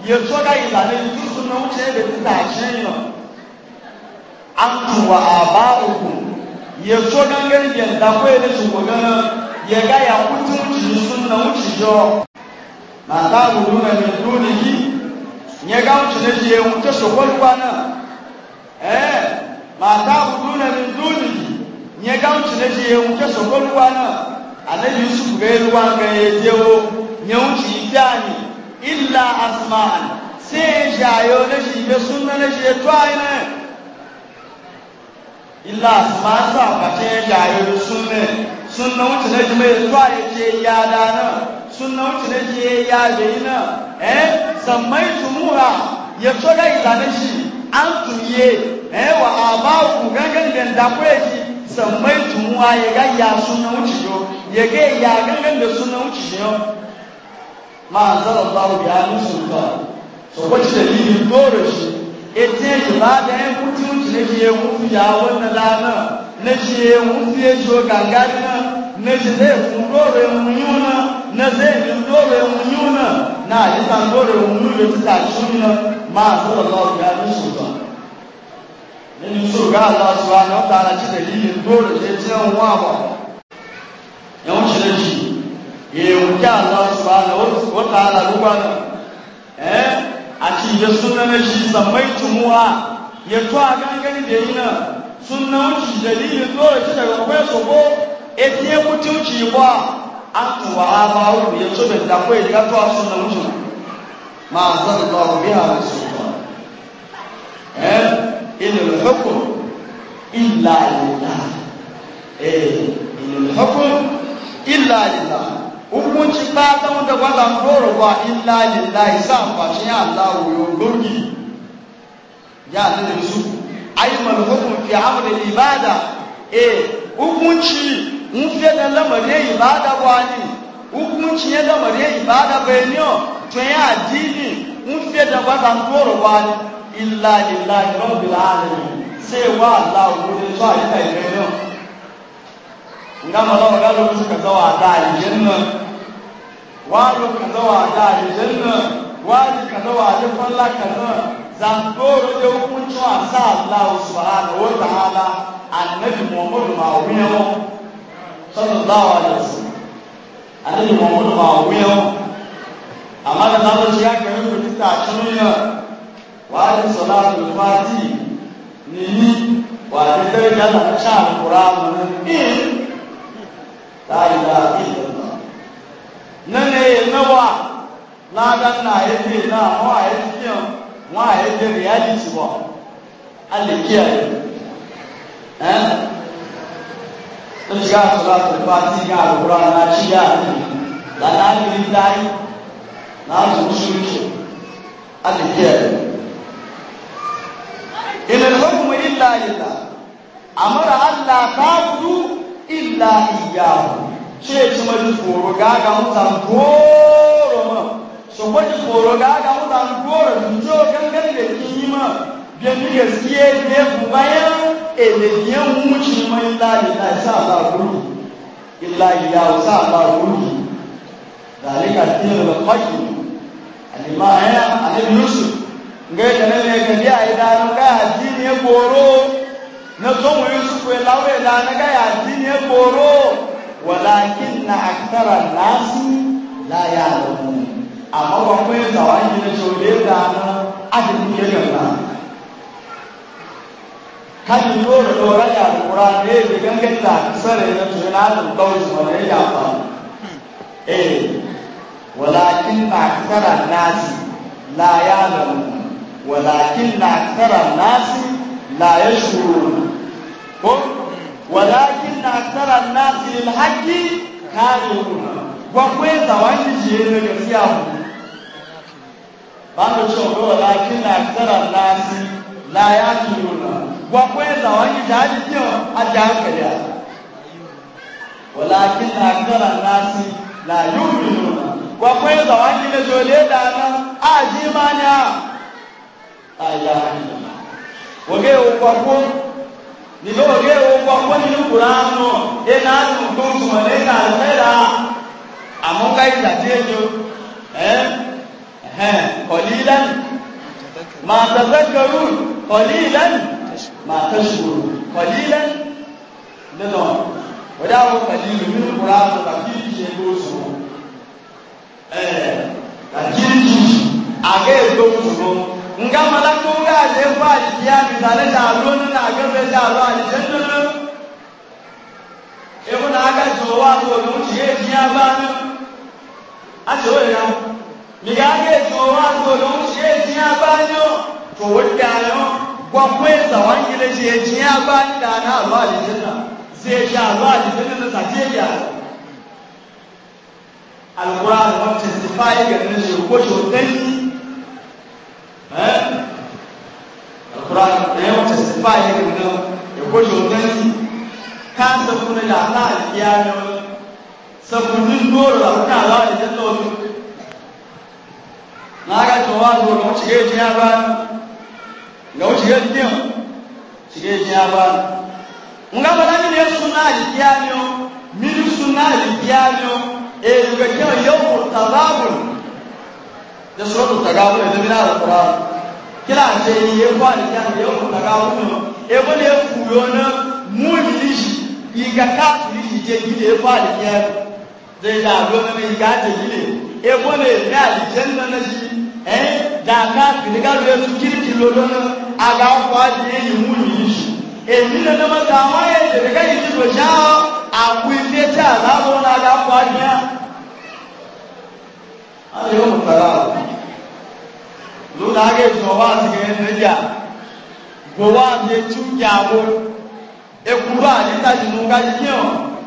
Speaker 2: ya so ga idana yi sunna wucinani da ta tashe yi an tuwa a ba'uku ya so gangan yadda kwaye da shi magana ya ga ya kutu wuci sunna wuci jo na ta wuru na mai duniya nye gawo tene die ŋu te sokɔ lukpa na ɛɛ mata kudu na mi du ni nye gawo tene die ŋu te sokɔ lukpa na ale yusuf ge lukpa ge ye die wo nye ŋu tsi fi anyi ila asman see zi ayo ne zi be sun na ne zi eto anyi ne ila asman sa pate zi ayo sun ne sunna wuce na ji mai zuwa ya ce ya dana sunna wuce na ji ya yayi na eh sammai tumuha ya so da izane shi an tuye eh wa aba ku gangan da da ku yi sammai tumuha ya ga ya sunna wuce yo ya ga ya gangan da sunna wuce yo ma zalallahu bi amin sultan so wace dalilin dore shi etin ibada yan kuci wuce na ya kuci ya wannan lana na shi ya wuce ya shi gangari na na shi zai kun dore munyu na na zai yi dore munyu na na yi san dore munyu ya ci ta shi na ma a zuwa lawa ya ni su ba ni su ga Allah su ba na eh, ta na ci da yi dore ya ci ya wuce da shi ya wuce Allah su ba na wata ala ruwa na eh a ci ya suna na shi sammai tumuwa ya tuwa gangani da yi na sunna wuce dalilin dole ta daga kwaya sobo etiye mutunci ba an tuwa ba wuri ya so da kwaya daga tuwa sunna wuce ma zan ba wa biya da su ba eh ilil hukum illa lillah eh ilil hukum illa lillah hukunci ba ta wanda gwada koro ba illa lillah isa amfashin ya Allah wuyo gurgi ya Allah da su ayyukan hukum fi amri ibada eh hukunci mun fi da lamare ibada wani hukunci ya lamare ibada bayani to ya addini mun fi da wata toro wani illa lillahi rabbil alamin sai wa Allah wurin so ayi kai bayani nga mala wa galo musu ka zawa da aljanna wa lo ka zawa da aljanna wa ka zawa da falla ka zawa zangoro da hukuncin wasa Allah subhanahu wa ta'ala annabi Muhammadu ma wuyan sallallahu alaihi wasallam annabi Muhammadu ma wuyan amma da zama shi ya kai ku ta tunya wa ali salatu fati ni ni wa da dai da na cha alquran in la ilaha illallah nan ne nawa ladan na yake na hawa yake wọn àyè jẹ reality wọ a lè kí ẹ ẹ tó ti ká sọlá tó bá ti ká àlùkùrọ àná ṣí yá lànà àgbèrè dáì náà tó ṣoṣo a lè kí ẹ. ìlànà ìlànà ìlànà àmọ́ra aláàbáàbù ìlà ìyàwó ṣé ètò mọ́jú fòrò gáàgà ń ta gbòòrò náà sokoji koro ga ga wuta goro njo gangan da ki ma biyan ni gaskiye ne ku bayan eleyen wuce mai lali na sa ba guru illa ya sa ba guru dalika tin da kwaji alima ya alim yusuf ga da ne ga dia idan ga addini ya goro na son yusuf ya lawe da na ga addini ya goro walakin na aktara nasi la ya'lamun amma ba kuma yin zawa yi na jole da na adin ke gaba kan yi yoro dora ya kura ne da gangan da sare na tuyi na adin kawai su wani ya fa eh walakin na aksara nasi la ya lamu walakin na aksara nasi la ya shuru ko
Speaker 1: walakin
Speaker 2: na aksara nasi lil haqqi kare kuna gwakwai zawa shi ne gaskiya mu bado choko lakini akthara nasi la yakiluna kwa kwenda wajijaji ndio ajaangalia walakini akthara nasi la yuminuna kwa kwenda wajile joledana ajimanya ayani wogeo kwa kwa nilo wogeo kwa kwa ni kurano ena mtu mwenye alfera amonga itajejo eh kọ̀lílẹ́nì máa tẹ̀sẹ̀kẹ̀rù kọ̀lílẹ́nì máa tẹ̀sùrù kọ̀lílẹ́nì nínú wọ́dá wọ́n kọ̀lílù nínú kúrò àwọn kàkiri ṣe kó sùn kàkiri ṣe àgẹ́ ègbó sùn nga mala ko nga ale fa aliya misale ta alo nina agabe ta alo alijɛ nana ewu na aka jɔ wa ko olu ti ye diya ba na a ti o yɛrɛ migage tsowa tsoron shi jiya banyo to wadda yau gwakwai tsawon gida shi jiya banyo da na zuwa jikinna sai ya zuwa jikinna na sake ya alkura da wata sifayi ga nan shi ko shi wadani alkura da wata sifayi ga nan ya ko shi wadani kan sabuna da ala alkiya ne sabunin dole da kuka na ga cewa zo ga wuce ga jiya ba ga wuce ga jiya ci ga jiya ba nga ba da ni suna alkiyanyo min suna alkiyanyo e ga kiyo yawmul tazabul da suratul tagabul da bin alquran kila ce ni ye ko alkiyanyo yawmul tagabul e ko ne fuyo na muliji iga ka muliji je gide ko alkiyanyo zai da gona ne iga ta gide e ko ne ne alkiyanyo na shi dàgá kìnìkà ló yẹ kìrìkì lọ́dọ́ náà àgà ọkọ̀ àdìyẹ ìwú yìí ṣù èmi ti lọ ṣá àpò ilé tí àlábọ̀ náà àgà ọkọ̀ àdìyẹ. ayé wọn kàrà lónà àgẹ̀ ìṣọ̀wá àti kẹ̀kẹ́ nìjà gbowó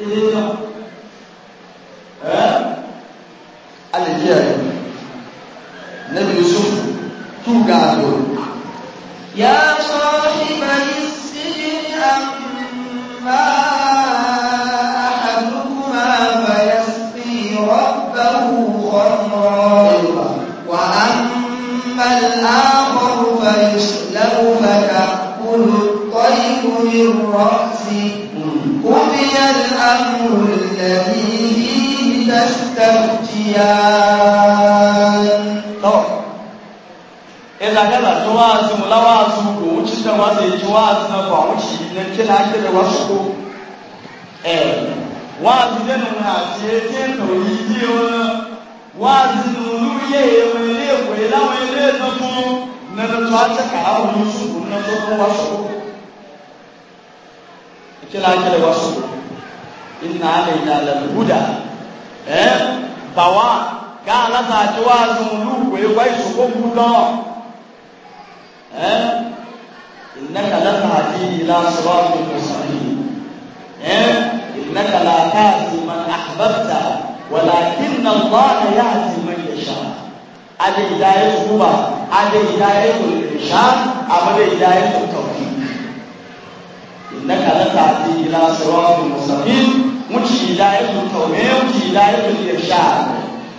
Speaker 2: ilina eh
Speaker 1: alikiyaye nabi yusuf tu gado ya sahiba sijni amma الآخر فيسلب فتأكل الطير من رأسه قضي الأمر الذي فيه
Speaker 2: تستفتيان ila dala to wa su la wa su ko wuci da wa sai ji wa su na ba wuci ne kila ke da wa su eh wa su da nan ha ce ce to yi ji wa wa su nu ye ye le ko ila wa le to na to ta ka ha wa su na to wa su kila kila wasu inna alaina lal huda eh bawa ga la ta ti wa zu lu we wa su ko ku do eh innaka la tahdi ila siratin mustaqim eh innaka la tahdi man ahbabta walakin Allah yahdi man yasha ada hidayah subuh ada hidayah ul irsyad ada hidayah tawfiq innaka latati ila siratin mustaqim muci hidayatu tawhid muci hidayatu irshad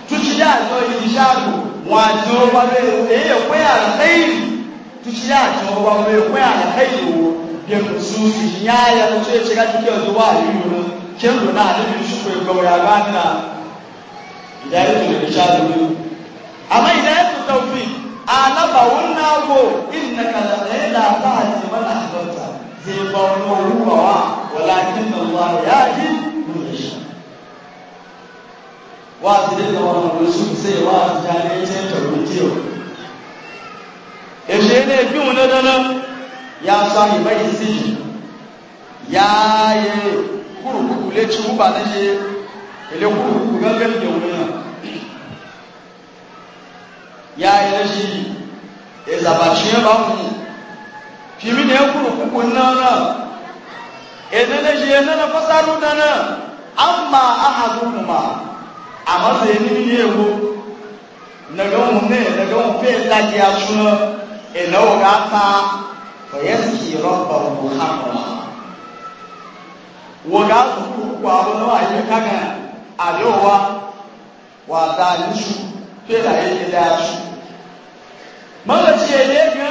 Speaker 2: tuci da to irshad wa to ba be e ko ya khair tuci da to ba be ko ya khair de khususi nyaya no ce ce ga tuki o wa yi no ken do na da shi ko ga ya ga na hidayatu irshad amma hidayatu tawhid alaba wannan go innaka la ta'lamu man ahbabta zai ba wani marumawa walakin Allah ya ji nuna shi wa su dinga wani wasu sai wa su jane ce ta rutiyo ya shi ne fi wani dana ya sami bai si ya yi kurkuku le ci ba na shi ile kurkuku gangan da wani ya yi na shi ya zabaci ya ba mu fimi ne kuru kuku nana enene je enene fasaru nana amma ahaduhuma amma sai ni ne ko naga mu ne naga mu fe laji a suna ina waga ta fa yaski Muhammad hamma waga su kuku abu na waje kaga adowa wa ta nisu fe da yake da su malaci ne ga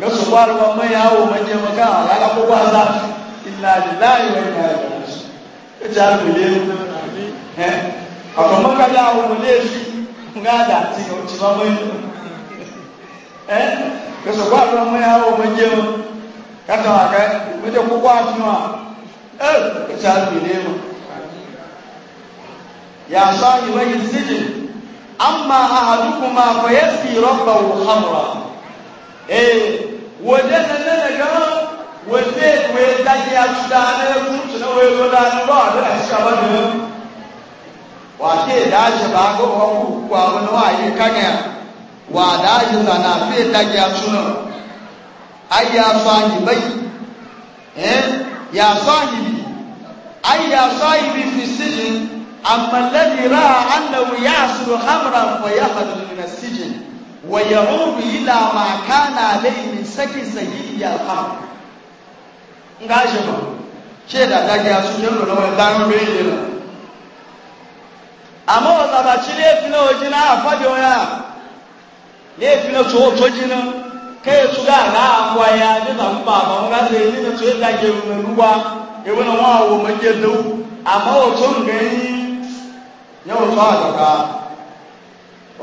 Speaker 2: ga su kwaruwa mai yawo maje maka a lala ko ba za illa lillahi wa inna ilaihi raji'un ka ji har mule eh akwai maka da awo mule shi nga da ti ga uci ba mai eh ga su kwaruwa mai yawo maje ka ta maka maje ko kwa tuwa eh ka ji har mule mu ya sahibi sijin amma ahadukuma fa yasfi rabbahu khamra eh wòde nane nege wòde wòye dadi atu daa ne kutu ne wòye lo daa ne lɔɔre ɛsikaba ne wàtí ìdájẹ bá gbọ́kọ̀ kú kú àwọn ní wàá yí kányà wà dájẹ lànà àfi ìdájẹ àtúnà ayé aṣọ àyìnbá yìí ẹ yà aṣọ àyìnbí ayé aṣọ àyìnbí fi sídìí àmàlẹ́nìí rà ánàwó yà àṣùrò hàmàrà fọyà àdùnnà sídìí. ويعود إلى ما كان عليه من سكن سيدي الحرب ngajima ce da dage a su jin lura wani dan rubin na amma wa ba ci laifi na waje na a faɗi waya laifi na tsoho kai su ga na abuwa ya ji da ba ba wani yi na tsoye wani ruwa ya wani wawo magiyar dau amma gani ya a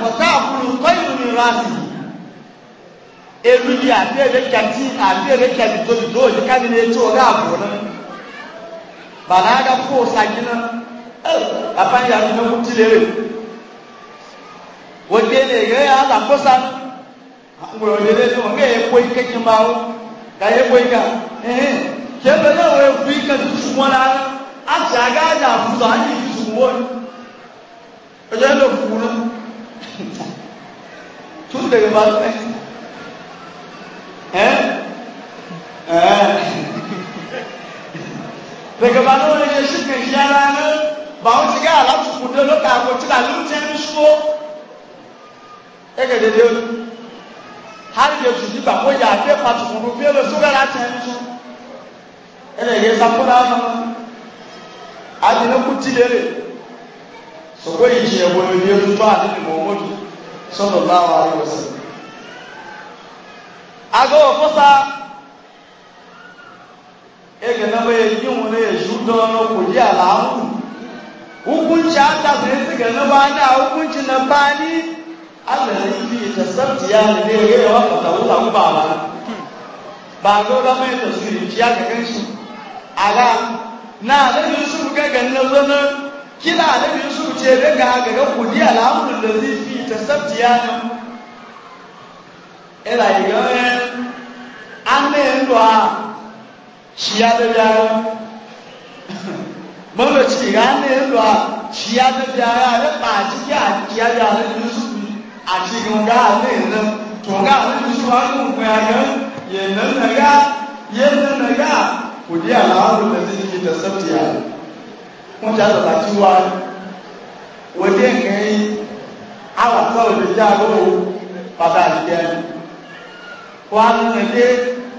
Speaker 2: wọ́tàkùnrin tọ́yìn ní rásì èlùdí àti èrèkà tí àti èrèkà tí tóbi tó òjì káàdì ní etí ọ̀rẹ́ àbò náà bàrà ága fún òsàgì náà àpáyà ní ọkùn tí lè rè wọ́n dé lè yẹ àlàkóso àwọn òyìnbó ní wọn kẹ́ ẹ̀kọ́ ike kí n bá wọn kà ike ẹ̀hìn kí ike ọjọ́ ló kú lọ tún dẹ̀gẹ̀ bá fẹ́ ẹ́ ẹ́ dẹ̀gẹ̀ bá lọ́wọ́ lè ṣe ṣíkẹ̀ yí ara ní bá ó ti gá àlátùkù dé lókà àpò tí là ló ń tẹ́ ní ṣó o dédé ó hàlìyé tù nígbà kó yà á dé pàtùkù ní bí ó lọ sókè láti ẹni tún ẹlẹ́gẹ̀ẹ́ sapó náà mọ́ adìnnẹ́kù tí lérè sọ̀kọ́ ìjìyàn wo ni yẹn tó bá àdébì mọ̀mọ́dù sọ̀rọ̀ láwọn àríwọ̀sẹ̀. agọ́wọ̀ fọ́sá ẹgbẹ̀ náà bẹ́ẹ̀ yí wọn lè ṣú dánwó kò yí àlàáhùn hukunci an da su yanzu ga nuba na hukunci na bani allah ya fi ta sabti ya ne ne ga yawa ka tawo ta ba ba ba zo da mai tasiri ya ga kanshi ala na da su ga ganin zanen kila annabi yusuf ce da ga ga ga kudi al'amrul ladhi fi tasabtiyana ila yiga an ne ndo a shi ya da yaro mama ci ga an ne ndo a shi ya da yaro da ba ci ya ya da yusuf a ci ga ga an ne ndo to ga annabi yusuf an ku ya ga ye nan na ga ye nan na ga kudi al'amrul ladhi fi tasabtiyana mutane ba ciwa waje ka yi awa kawai da jaro ba ta jiya kwanu na ne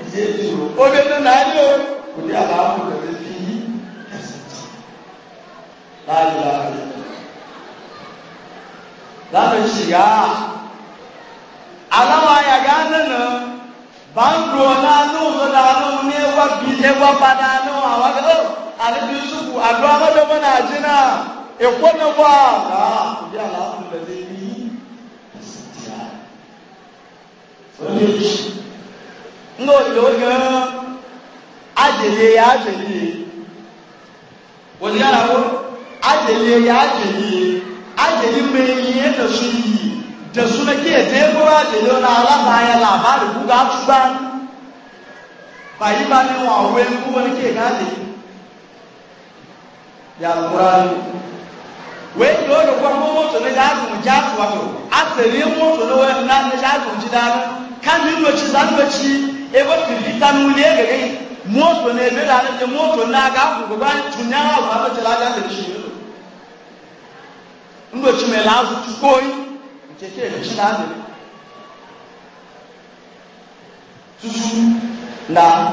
Speaker 2: je jiro o bɛ to na yi o ko di ala ko da bɛ fi yi laayi laayi laayi shiga ala wa ya ga nana bandu na nu na nu ne wa bi ne wa pada nu awa ga anabi yusufu adu alada mana ekwo na kwa na kudi ala na ne yi onye oge oge ajele ya ajele wòlíì àlàbò ajele ya ajele ajele eyi ihe edosu eyi desu na na alaba na abalị buga atụba bayi ba ne ne ke ga ya alkurani wai dole kwan moto na jazu jazu wato asali moto na wani na na jazu ji dano kan yi lokaci zan lokaci e ba fili ta nule ga gai moto ne bi da ne moto na ga ku ga tunya wa ba ta laja da shi lokaci mai lazu ci koyi ce ke da shi na da su na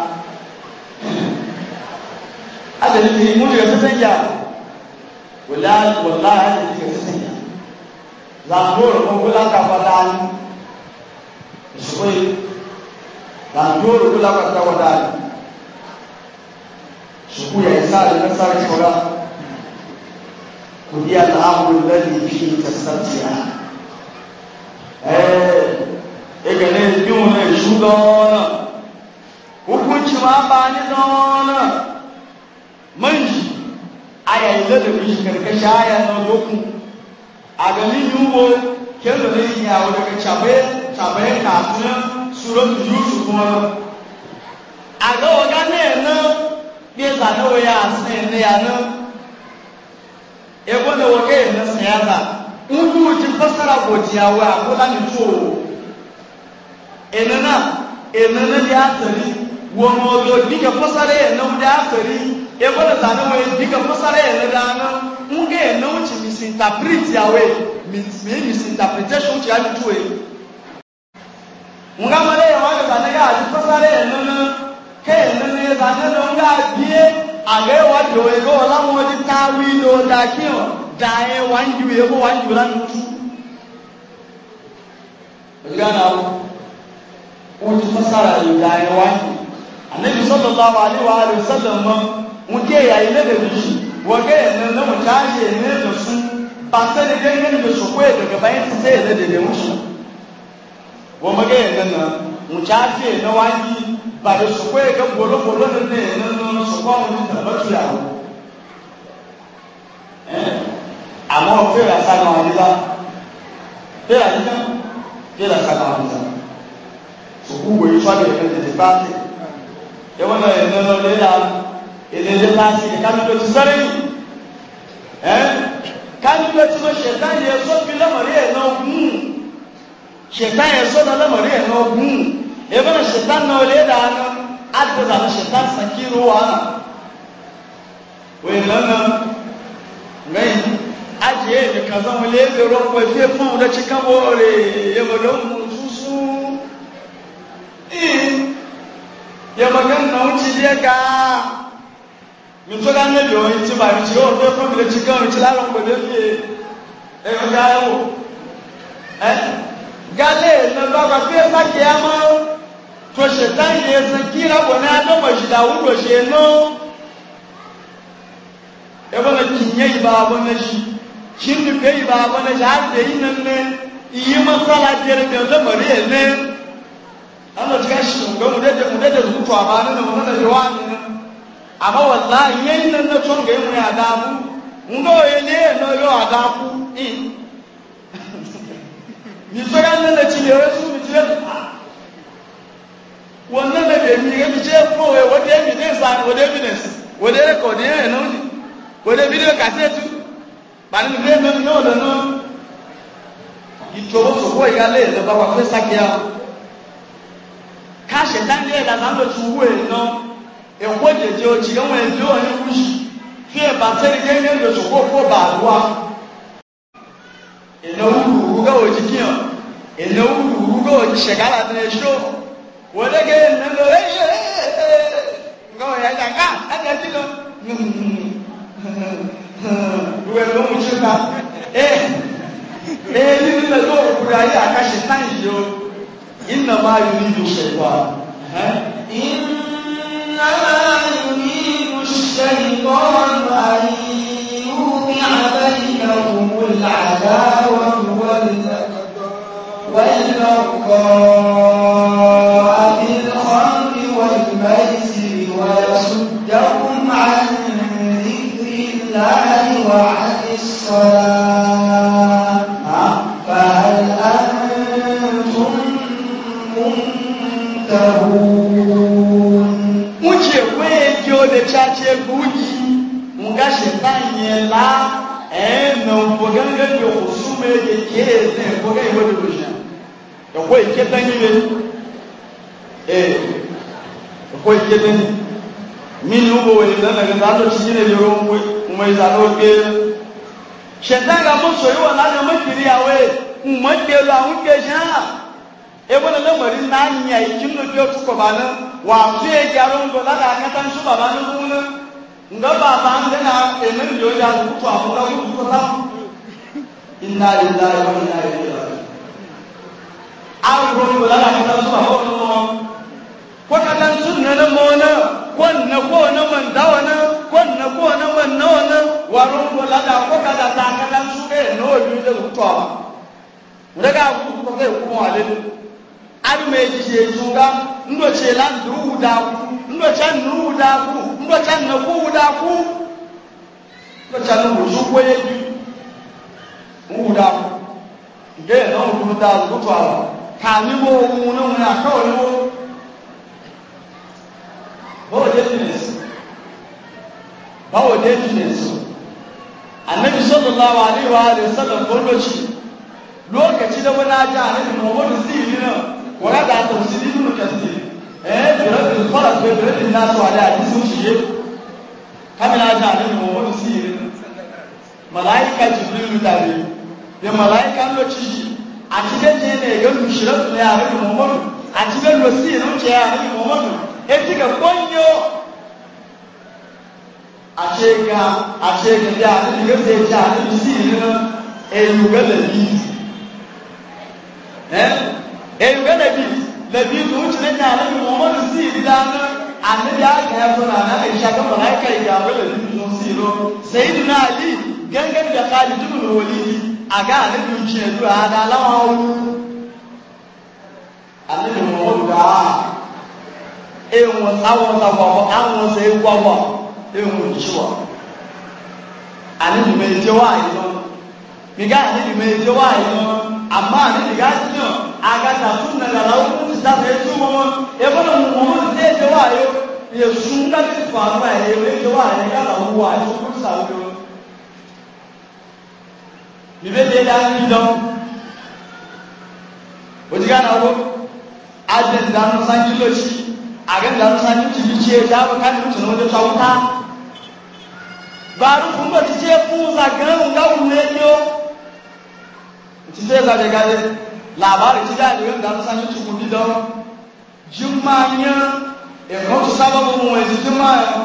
Speaker 2: da nufi mun shiga su sanya wallahi wallahi da nufi su sanya za a dora kuma kula ka fada ni shi za a dora kula ka ta wada ni shi ku ya yi sa da nasa da shura ku biya al'amurin lalli fi tasarciya eh ega ne biyu ne shugaban hukunci manji da doku a gamin yugo ken da zai yawo daga cabe cabe na surat yusuf kuma a ga waga ne na bai zane waya a sanayin da yana ya da waga yana siyasa ugu ji fasara godiya wa ko da ni to enana enana da asali wo mo do dike fasara yana da asali ebole zane we dika fasara ene dana nge ene uchi misinterpret yawe mi misinterpretation uchi aji tuwe nga male ya wale zane ya aji fasara ene na ke ene ne zane na nga abie age wa dowe go la mo di tawi do da kiyo da e wanju ye go wanju la nutu ngana uchi fasara yo da e wanju anabi sallallahu alaihi wa alihi wasallam muke yayi na da bishi waga yana na mu tashi ne da su ba sai da gangan da su koyi daga bayan su sai da da mushi wa maga yana na mu tashi na wani ba da su koyi ga bolo bolo da ne na na su kwa mu da batu ya eh amma o fera sana wani ba fera ni kan fera sana wani ba su kuwa yi fa da kan da ba ne yawan da yana na da elele láti ẹ̀ka nílò ti sọ́rẹ́ yìí ẹ́ ká nílò ti sọ ṣẹ̀dá yẹn sọ fi lọ́mọ̀rí ẹ̀ náà gún ṣẹ̀dá yẹn sọ náà lọ́mọ̀rí ẹ̀ náà gún ebile ṣẹ̀dá náà lé dáná àtẹ̀dá ní ṣẹ̀dá sàkírò wà á wòye lọ́nà mẹ́yìn àjẹ́ èdè kan sọ́mu lé ẹgbẹ́ rọ́pò ẹgbẹ́ fún ọ̀rẹ́ chikan wọ́ọ̀rẹ́ yẹmọ̀dọ́ mú súsú yẹmọ̀gán náà ń ti dé gáà mitola ne le oyin ti ba ti o de fún mi le ti gan ti lálọ́ pẹ̀lú ebi e o ga ẹ wò ẹ gálẹ̀ lọ́ba bàbá ẹ bá kí ẹ mọ́ tó ṣe táyì ẹsẹ̀ kí lábọ̀ ní adọ́mọ̀ ìṣìlá wúlò ṣe lọ. ẹ bọ́ mi kì í yẹ ìbá abọ́ náà ṣi kí n lùgbé ìbá abọ́ náà ṣe á lè yín nà ní iye mọ́sálà jẹrẹ ní ọjọ́ mọ̀rí ẹ̀ lé. alọ́ ti ká ṣì ń gbẹ́ mo dédé mo dédé lùtọ̀ àbá nínú mo náà àmọ́ wọ̀lá a ní ẹ̀nà tó ń gẹ̀ ìwé àdáàbù ń gbọ́ ilé ẹ̀nà yóò àdáàbù ìn nìtọ́yà nínú ti lè rẹ́ sùn ti lè fà wọ́n nínú lè mi rẹ́ mi jẹ́ fún òwe evidence and evidence record video cassette wà èkó jẹjẹ ọjì ẹwọn ẹjọ ọni wúṣì fi ẹbà sẹni gẹgẹ ń lọsọ kókó bàálùwà ìnáwó rúurú gáwọ jí kíyàn ìnáwó rúurú gáwọ jí ṣẹgálà ní ẹṣọ wọ́n dẹ́gẹ́ ìnáwó ẹ ṣe ẹ ẹ gáwọ yà yà ká ẹni ẹtí lọ wúwo ẹ lọ́mú tí ó ká ẹ ẹ nínú ẹ lọ́wọ́ òkúra yẹ àkàṣe táyì yìí ó ìnáwó ayọ̀ nínú ṣẹ̀wá.
Speaker 1: إنما يريد الشيطان أن يوقع بينهم العداوة والبغضاء والميسر ويصدهم عن ذكر الله وعن الصلاة فهل
Speaker 2: أنتم منتهون cace buji nga shetan yɛ la ɛɛ e na nkoge nga yɛ kusu mɛ yɛ yɛ ɛsɛ nkoge yɛ wɔde do hyɛ ɛkɔ yɛ kyɛtɛ yi yɛ ɛɛ ɛkɔ yɛ kyɛtɛ yi mini wo wɔ yɛ nana yɛ nato tsi yɛ yɛ wɔn wo mo yɛ zan o gbɛ shetan ka mo sɔ yi wɔ la yɛ mo kiri awɛ ebona lamari na nya ikin lo biyo tuko bana wa fiye gyaron go lada ka tan shuba bana gumuna nga ba ba an dana emin yo ya ku a mun ku ku ta inna la wa inna ilaihi raji'un an go go lada ka tan shuba ko no ko ka tan sunna na mo na ko na ko na man dawa na ko na ko na man na na wa ron go lada ko ka da ta ka tan shuke no yo ya ku ta daga ku ko ke ku mo alelu ari mai jiye juga ndo ce lan duhu da ku ndo can nuhu da ku na ku da ka ni mo mu na mu na ka o ni mo bawo de business bawo de business annabi sallallahu alaihi wa alihi wasallam ko lokaci lokaci da wani aja annabi Muhammadu zai yi wọ́n dà tó sí nínú kẹsì ẹ̀ bẹ̀rẹ̀ bí kọ́lá pé bẹ̀rẹ̀ bí náà sọ àdé àdísí ó ṣìyé kámẹ́rà ajá ní ìwọ̀n wọ́n sí ìrìn màláìka jìbìrì dàbí yẹ màláìka ń lọ tìjì àti bẹ́ẹ̀ jẹ́ ní ẹ̀yọ́ lu ṣìlẹ̀ tó yà àrẹ ìwọ̀n mọ́nu àti bẹ́ẹ̀ lọ sí ìrìn jẹ́ àrẹ ìwọ̀n mọ́nu etí kẹ kọ́nyó àṣeyíká àṣeyíká bí àrẹ ìwọ̀n mọ́nu èyí ò eyi e e ga nabi nabi da wuce na yanar muhammadu su yi dana annabi aka ya zura na mai shaka malaika ya wala da dukkan siro sayyidina ali gangan da khalid ibn walid aga annabi ce a da lawan annabi muhammadu da ehun awon tafafo awon sai gwagwa ehun ciwa wa mi amma ne da gashi ne a ga ta sun na galau kun ta sai su mama e bana mu mu ne da wayo ya sun da ke fa ba e ne da wayo ga la huwa su kun sa wuyo ni be da da ni don o diga na wo a je da no san ji lo shi a ga da no san ji ji ce da ba kan mutum ne da sauta ba ru kun ba ji ce ku za ga ga un ne yo cije za da gare labari ci da da da san ci ku bi da jumanya e ko su saba mu mu ji jumanya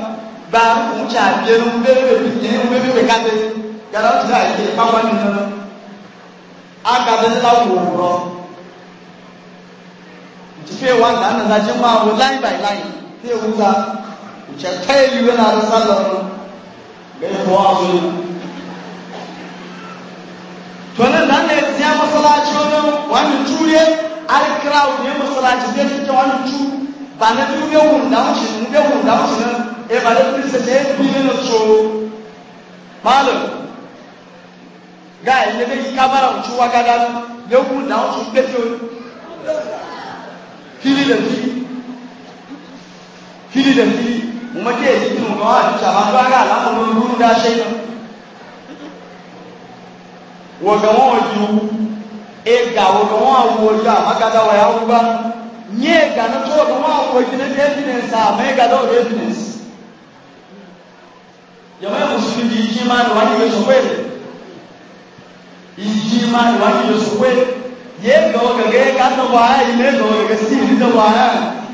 Speaker 2: ba mu cha je mu be be bi ne mu be be ka de gara ci da ke pa pa ni na aka de la wo ro ti fe wa na na za jumanya wo line by line te wu za ku cha kai yu na da sallallahu alaihi wa sallam to nan da ne masalaci wani wani ture alikira ne masalaci zai fita wani tu ba na tu bɛ wun da wuce mu bɛ wun da wuce na e ba da tu sɛ sɛ bi ne na so malam ga yi ne bɛ yi kabara wuce wa gada ne wun da wuce bɛ fi wani fili da fili fili da fili mo ma kẹ́ èyí nínú kan àti ṣàbájọ́ ara àlámọ̀ lórí rúrú dáṣẹ́ náà wọ̀gbọ̀n wọn ju ega wòle wọn awo yi a makata wòle awo ba nye ega ne tó wòle wọn awo yi ne ti a mɛ ega dɔw de evidence yàrá musulmi di yi ma ni wàá yi sɔgbɛ yi ma ni wàá yi sɔgbɛ yé gawo gɛgɛ ega tó wà á yi mɛ gawo gɛgɛ siri tó wà á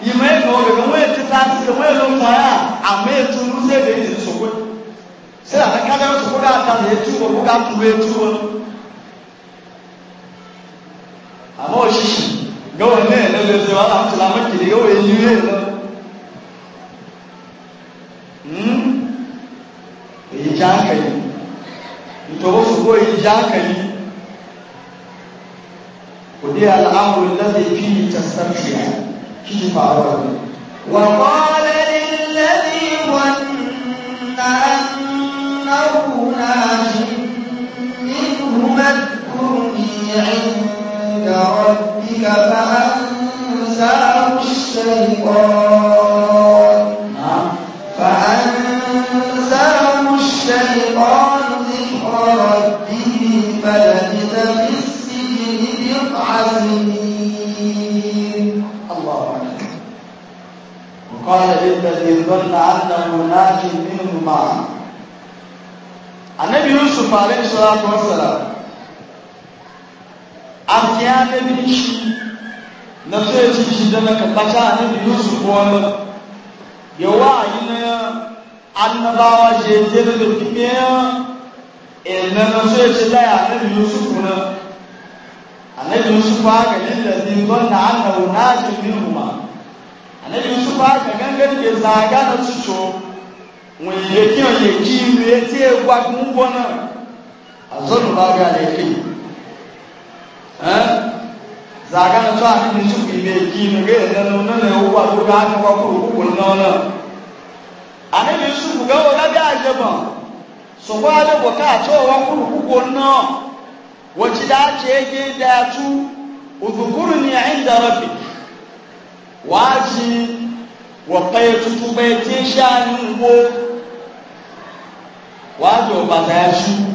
Speaker 2: yi mɛ gawo gɛgɛ wọn yɛ tita titi wọn yɛ lɔ nkpa yá a mɛ etu nu sɛ de yi kájà sɔgbɛ k'a ta de etu kó k'a tu etu wɔ àmọ́ òṣìṣì gọ́wọ̀ náà lọ́gbẹ̀ tí wọ́n láti lámọ́ kìrì gọ́wọ̀ èyí rẹ̀ lọ hmm? èyí já kẹ̀yí nítorí fúgbó èyí já kẹ̀yí kò dé aláwọ̀ lọ́dẹ̀ fi tẹ̀sánfìà kí ti pààrọ̀
Speaker 1: ربك فأنساه الشيطان نعم. فأنساه الشيطان ذكر ربه فلبث في السجن بضع سنين الله أكبر
Speaker 2: وقال للذي ظن أنه ناج منه النبي يوسف عليه الصلاة والسلام afiya na bishi na so ya ci shi da na kabbata na biyu su kuma yawa yi na annabawa je je na da kimiya inda na so ya ci laya na biyu su kuma annabi yusuf ba ka yadda zai zonna annahu nashin minhuma annabi yusuf ba ka gangan ke zaga na cuco wani yakin yakin ya ce gwagun gona a zonu ba ga laifin zagana tsɔ ahi ni tsuku ile yi ne ge ne no ne ne wo wa do ga ne wa ko wo ko na na ahi ni tsuku ga wo ga bi aje ba so wa le bo ka tsɔ wa ko wo ko na wo ti da che ge da tu udhukurni inda rabbi wa ji wa pe tutu be ti sha ni wo wa do ba ta su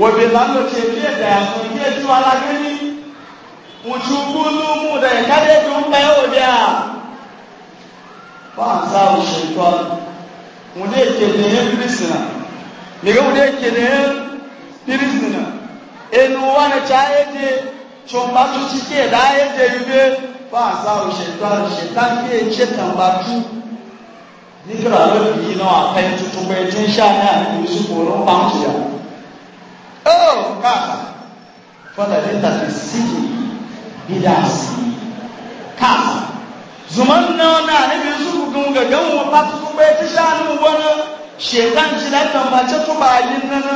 Speaker 2: wòbí lánàá tí ebi ẹ̀dá ẹ̀fọ́ ibi ẹ̀dú alágbẹ́ni ùtùkú lùmù rẹ̀ káde tó ń pẹ́ òde à. Wọ́n á sá òṣèlú ọ. Wọ́n dé kéde ẹ́ pírísìnà. Nìgbà wọ́n dé kéde ẹ́ pírísìnà. Ẹnu wa ni tí a yé de tòmbá tó ti ké ẹ̀dá yé de ibé. Wọ́n á sá òṣèlú ọ. Ṣètá bí èjì tàǹbà tú. Nígbà lóbi yìí náà àpẹ́ tuntun pé tí ń ṣàní àti ìṣùkò ló ń pa ń jìyà. Oh, God, Father, let us be seeking bidas. Kasa. Zuman na na ne bi su ku ga gan wa pat ku bai ta shanu wani shetan ci da tambace su ba yin nan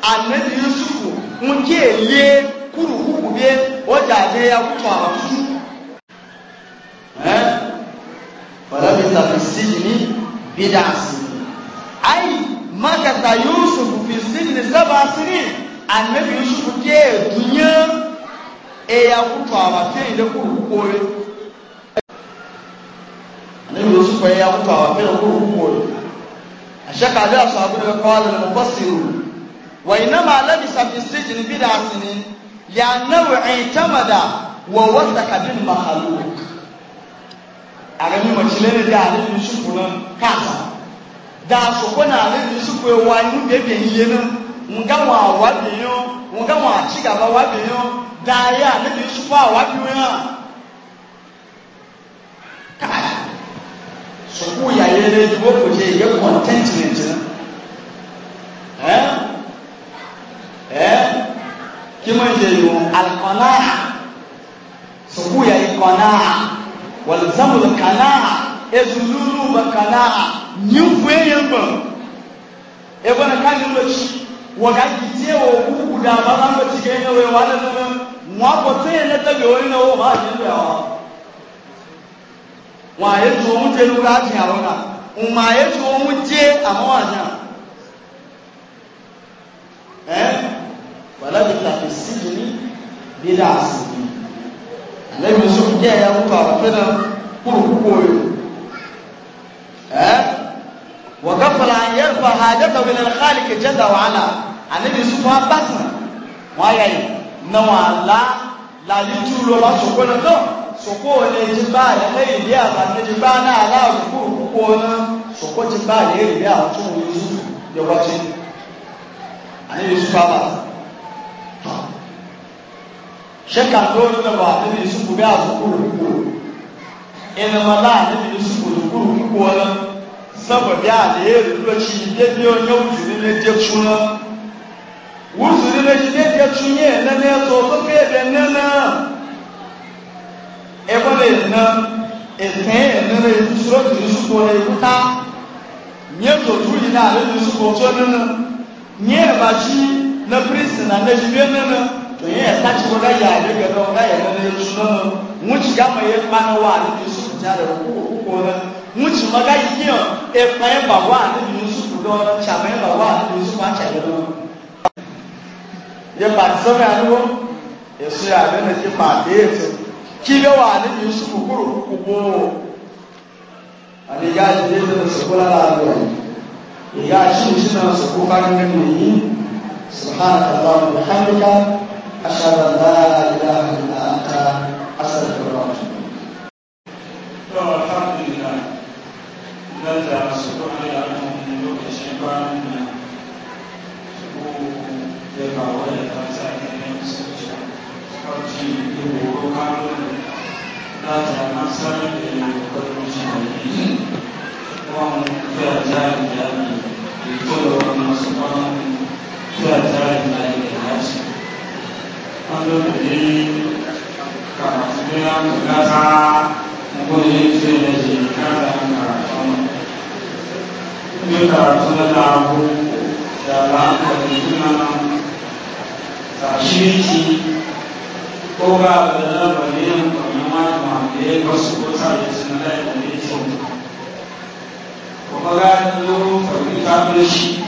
Speaker 2: annabi Yusuf mun ke le kuru ku be wajaje ya kutu a su. Eh? Father, let us be seeking bidas. Ai, makata Yusuf fi sinni sab'a sinin annabi yusuf ke dunya e ya kutu awa sai da kuru kore annabi yusuf ya kutu awa sai da kuru kore a shaka da su abu da kawai da mufassiru wa ina ma labisa fi sijin bida sinin ya nau'in tamada wa wasa kadin mahaluk a gani mace ne da annabi yusuf nan kasa da su kuna annabi yusuf ya wani bebe yi nan nga wọn awabiyan wọn ga wọn akyigaba awabiyan daaya ne bi nsufo awabiyan kaa sukuu yayɛ ne edigbo kote yɛ kɔntɛntment na ɛɛ ɛɛ kima yɛ yi wɔn alikɔnaa sukuu yayɛ kɔnaa wɔlizamul kanaa ezululu bɛ kanaa nyimfoe yɛ mbɛ ebɔnɛ kanyi lɔ kyi wagakitie wo kukuda baba ko chikene we wala no mwako tene tabe we no ba jende awa wa yetu omuje nuka ati awona uma yetu omuje amawaja eh wala bitafisijini bila asili nabi suje ya mpa pena kuru kuoyo eh وكفل أن يرفع حاجته إلى الخالق جل وعلا النبي سبحانه بسنا وياي نوى لا لا يتولى ما سكونا نو سكو نجبا لأي بيا نجبا نالا سكو كونا سكو جبا لأي بيا تون يسوع يواتي النبي سبحانه بسنا shekka lórí lọ́wọ́ àtẹ́lẹ̀ ìsúkú bí àsùkú rúkú ẹnìmọ́lá àtẹ́lẹ̀ ìsúkú rúkú rúkú ọlọ́run saboda alherin lokaci da biyo ya wuzuri na je cuna wuzuri na shi ne je cunye na ne so so fe be na na e ba le na e se na na yi suro ti su ko e kuta nye to tu ina le su ko to na na nye ba ji na priest na na ji be na na to ye ta ti ko ga ya le ga do ga ya na na yi suro na mu ci ga ma ye pa na wa ni su ja da ko ko na ŋutsu mega yi yɔ eƒe ba wa ne nusuku ɖɔ tsame ba wa ne nusuku atsa ɖe ɖo ye batizɔ ya ɖo esu ya ɖe ne ti ba de eto ki ɖe wa ne nusuku kuro kubo ale ya ti de ne suku la la do ya si si na suku ka ne ne yi subhanallah walhamdulillah ashhadu an la ilaha illa anta astaghfiruka
Speaker 3: لا تعصبوا على أنهم من نور الشيطان يقع ولا تعزعك من السجع فرجي يبوكا لا تنصر بقدر شهرين وهم فاتان جامي بكل ونصران فاتان مالك العشر أمر الدين ကာသမေယံကာသာဘုရေစေရေကာသာ Twitter suna da abu da la'akari suna tashinci
Speaker 2: ko ba da labarai yin kwanan wata da ya wasu ko sa'ayi suna da ya ne so. Kuma ga yau kwanin kafin shi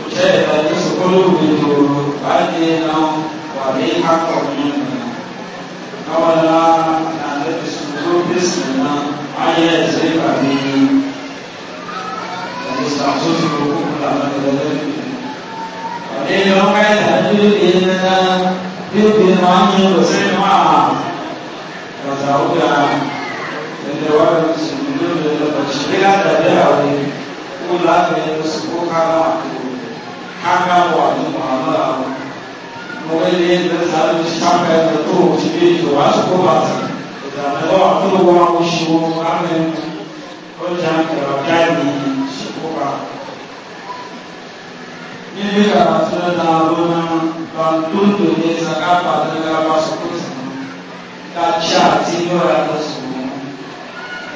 Speaker 2: ko ce da ya su kwallo
Speaker 3: يستعصون ركوب العمل
Speaker 2: وذلك وإنهم يتهجد إلا يبدي عنه وسمعا وتعودها الجواب المسلمين للمشكلة تبعه قل أبي يسبقها حكم وعدم الله مغيرين تسأل الشعب يتطوب شبيك وأسقط إذا نضعت الله وشوق عنه قل جانك وكاني kuka ni bi karatu na daruna ban tuntu ne saka fatan garba su kusa ta ci a tiyora ta su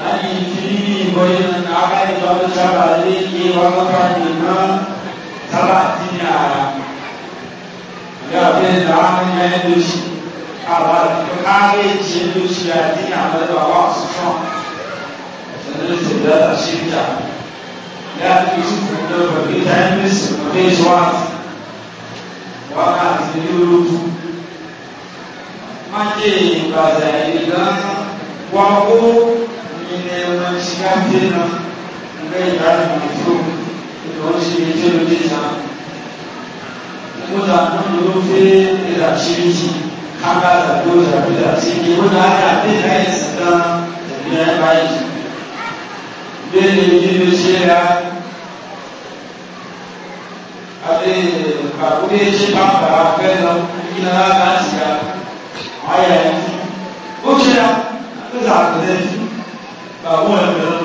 Speaker 2: na yi fili bayan na aka yi ba da shara da ke wa kafa ne na tara tiyara ya fi da hannun ya yi doshi a ba da kare ce doshi a tiyara da ba su shan sannan su da ta shirya لا تجد النوم بالأمس بجوات وما تجد ما تجد بذلك وهو من
Speaker 3: المشكلة غير المفهوم الوجه الجلدي
Speaker 2: mutane rufe da shirki haka da doza da shirki mutane da bin ayin sana da biyan bayan bẹ́ẹ̀ni nínú iṣẹ́ ra abẹ́ àkúrẹ́ iṣẹ́ pàápàá fẹ́ lọ kí náà láti ra àyà yìí ó ṣe ra lọ́sà àtẹ̀lẹ́ sí
Speaker 3: bàbá wọn ẹ̀fẹ́ lọ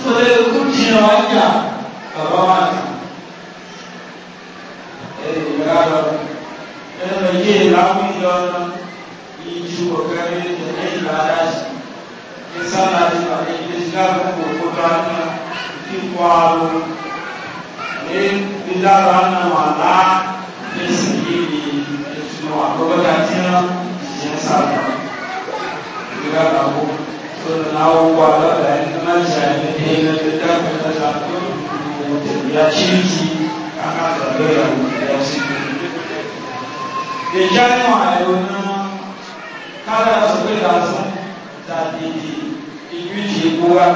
Speaker 3: tó lé kó ti ràn wá jà bàbá wa nà ẹ̀ẹ́dì ìgbà lọ ẹ̀ẹ́dì ìyé ìlànà ìjọ
Speaker 2: ìjú ọ̀gá ẹ̀ẹ́dì ìlànà ìjọ ya sallah ji ba da ke shiga ko ko ta hanya ki kwaro ne bilara na wala ne sigi ni suna wa ko da ko so da nawo wa da da nan sai ne ne da ta ta ta ko ya ci ci aka da da ya ci da jami'a ayo na kada tadidi igwiji kuwa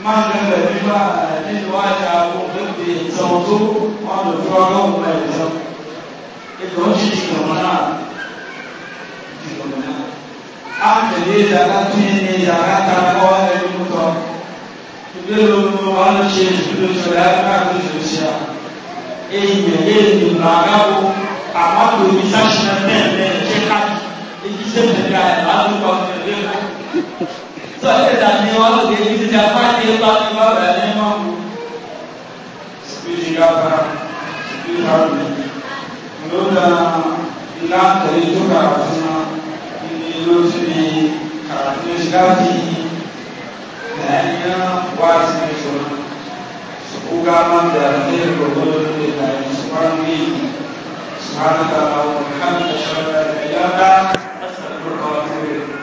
Speaker 2: mmanụ mmebiba nínú àjà àwọn òbí ìtàn tó wọn lò fún ọlọ́run mẹ́jọ ìgbọ́n sì jùlọ náà jùlọ náà á tẹ̀lé ìdára tó yẹ ní ìdára ta kọ́ ẹni mú tọ́ ìgbélé ohun wa ló ṣe ìdúró sọ̀rọ̀ ẹ̀ka tó ṣe ṣe à èyí ẹ̀yẹ́ ìdìbò àgáwò àmọ́ tòun ìṣàṣìṣẹ́ bẹ́ẹ̀ bẹ́ẹ̀ ṣe ká sempre carregado com a Só que da minha hora dele, que já faz tempo para me cobrar, né, irmão? Vigiar para vigiar o meu da nata e do carro, e não se caracterizar Nanya wasi sun suka mandar ne gobe da su farmi su hana da alhamdulillah Thank you.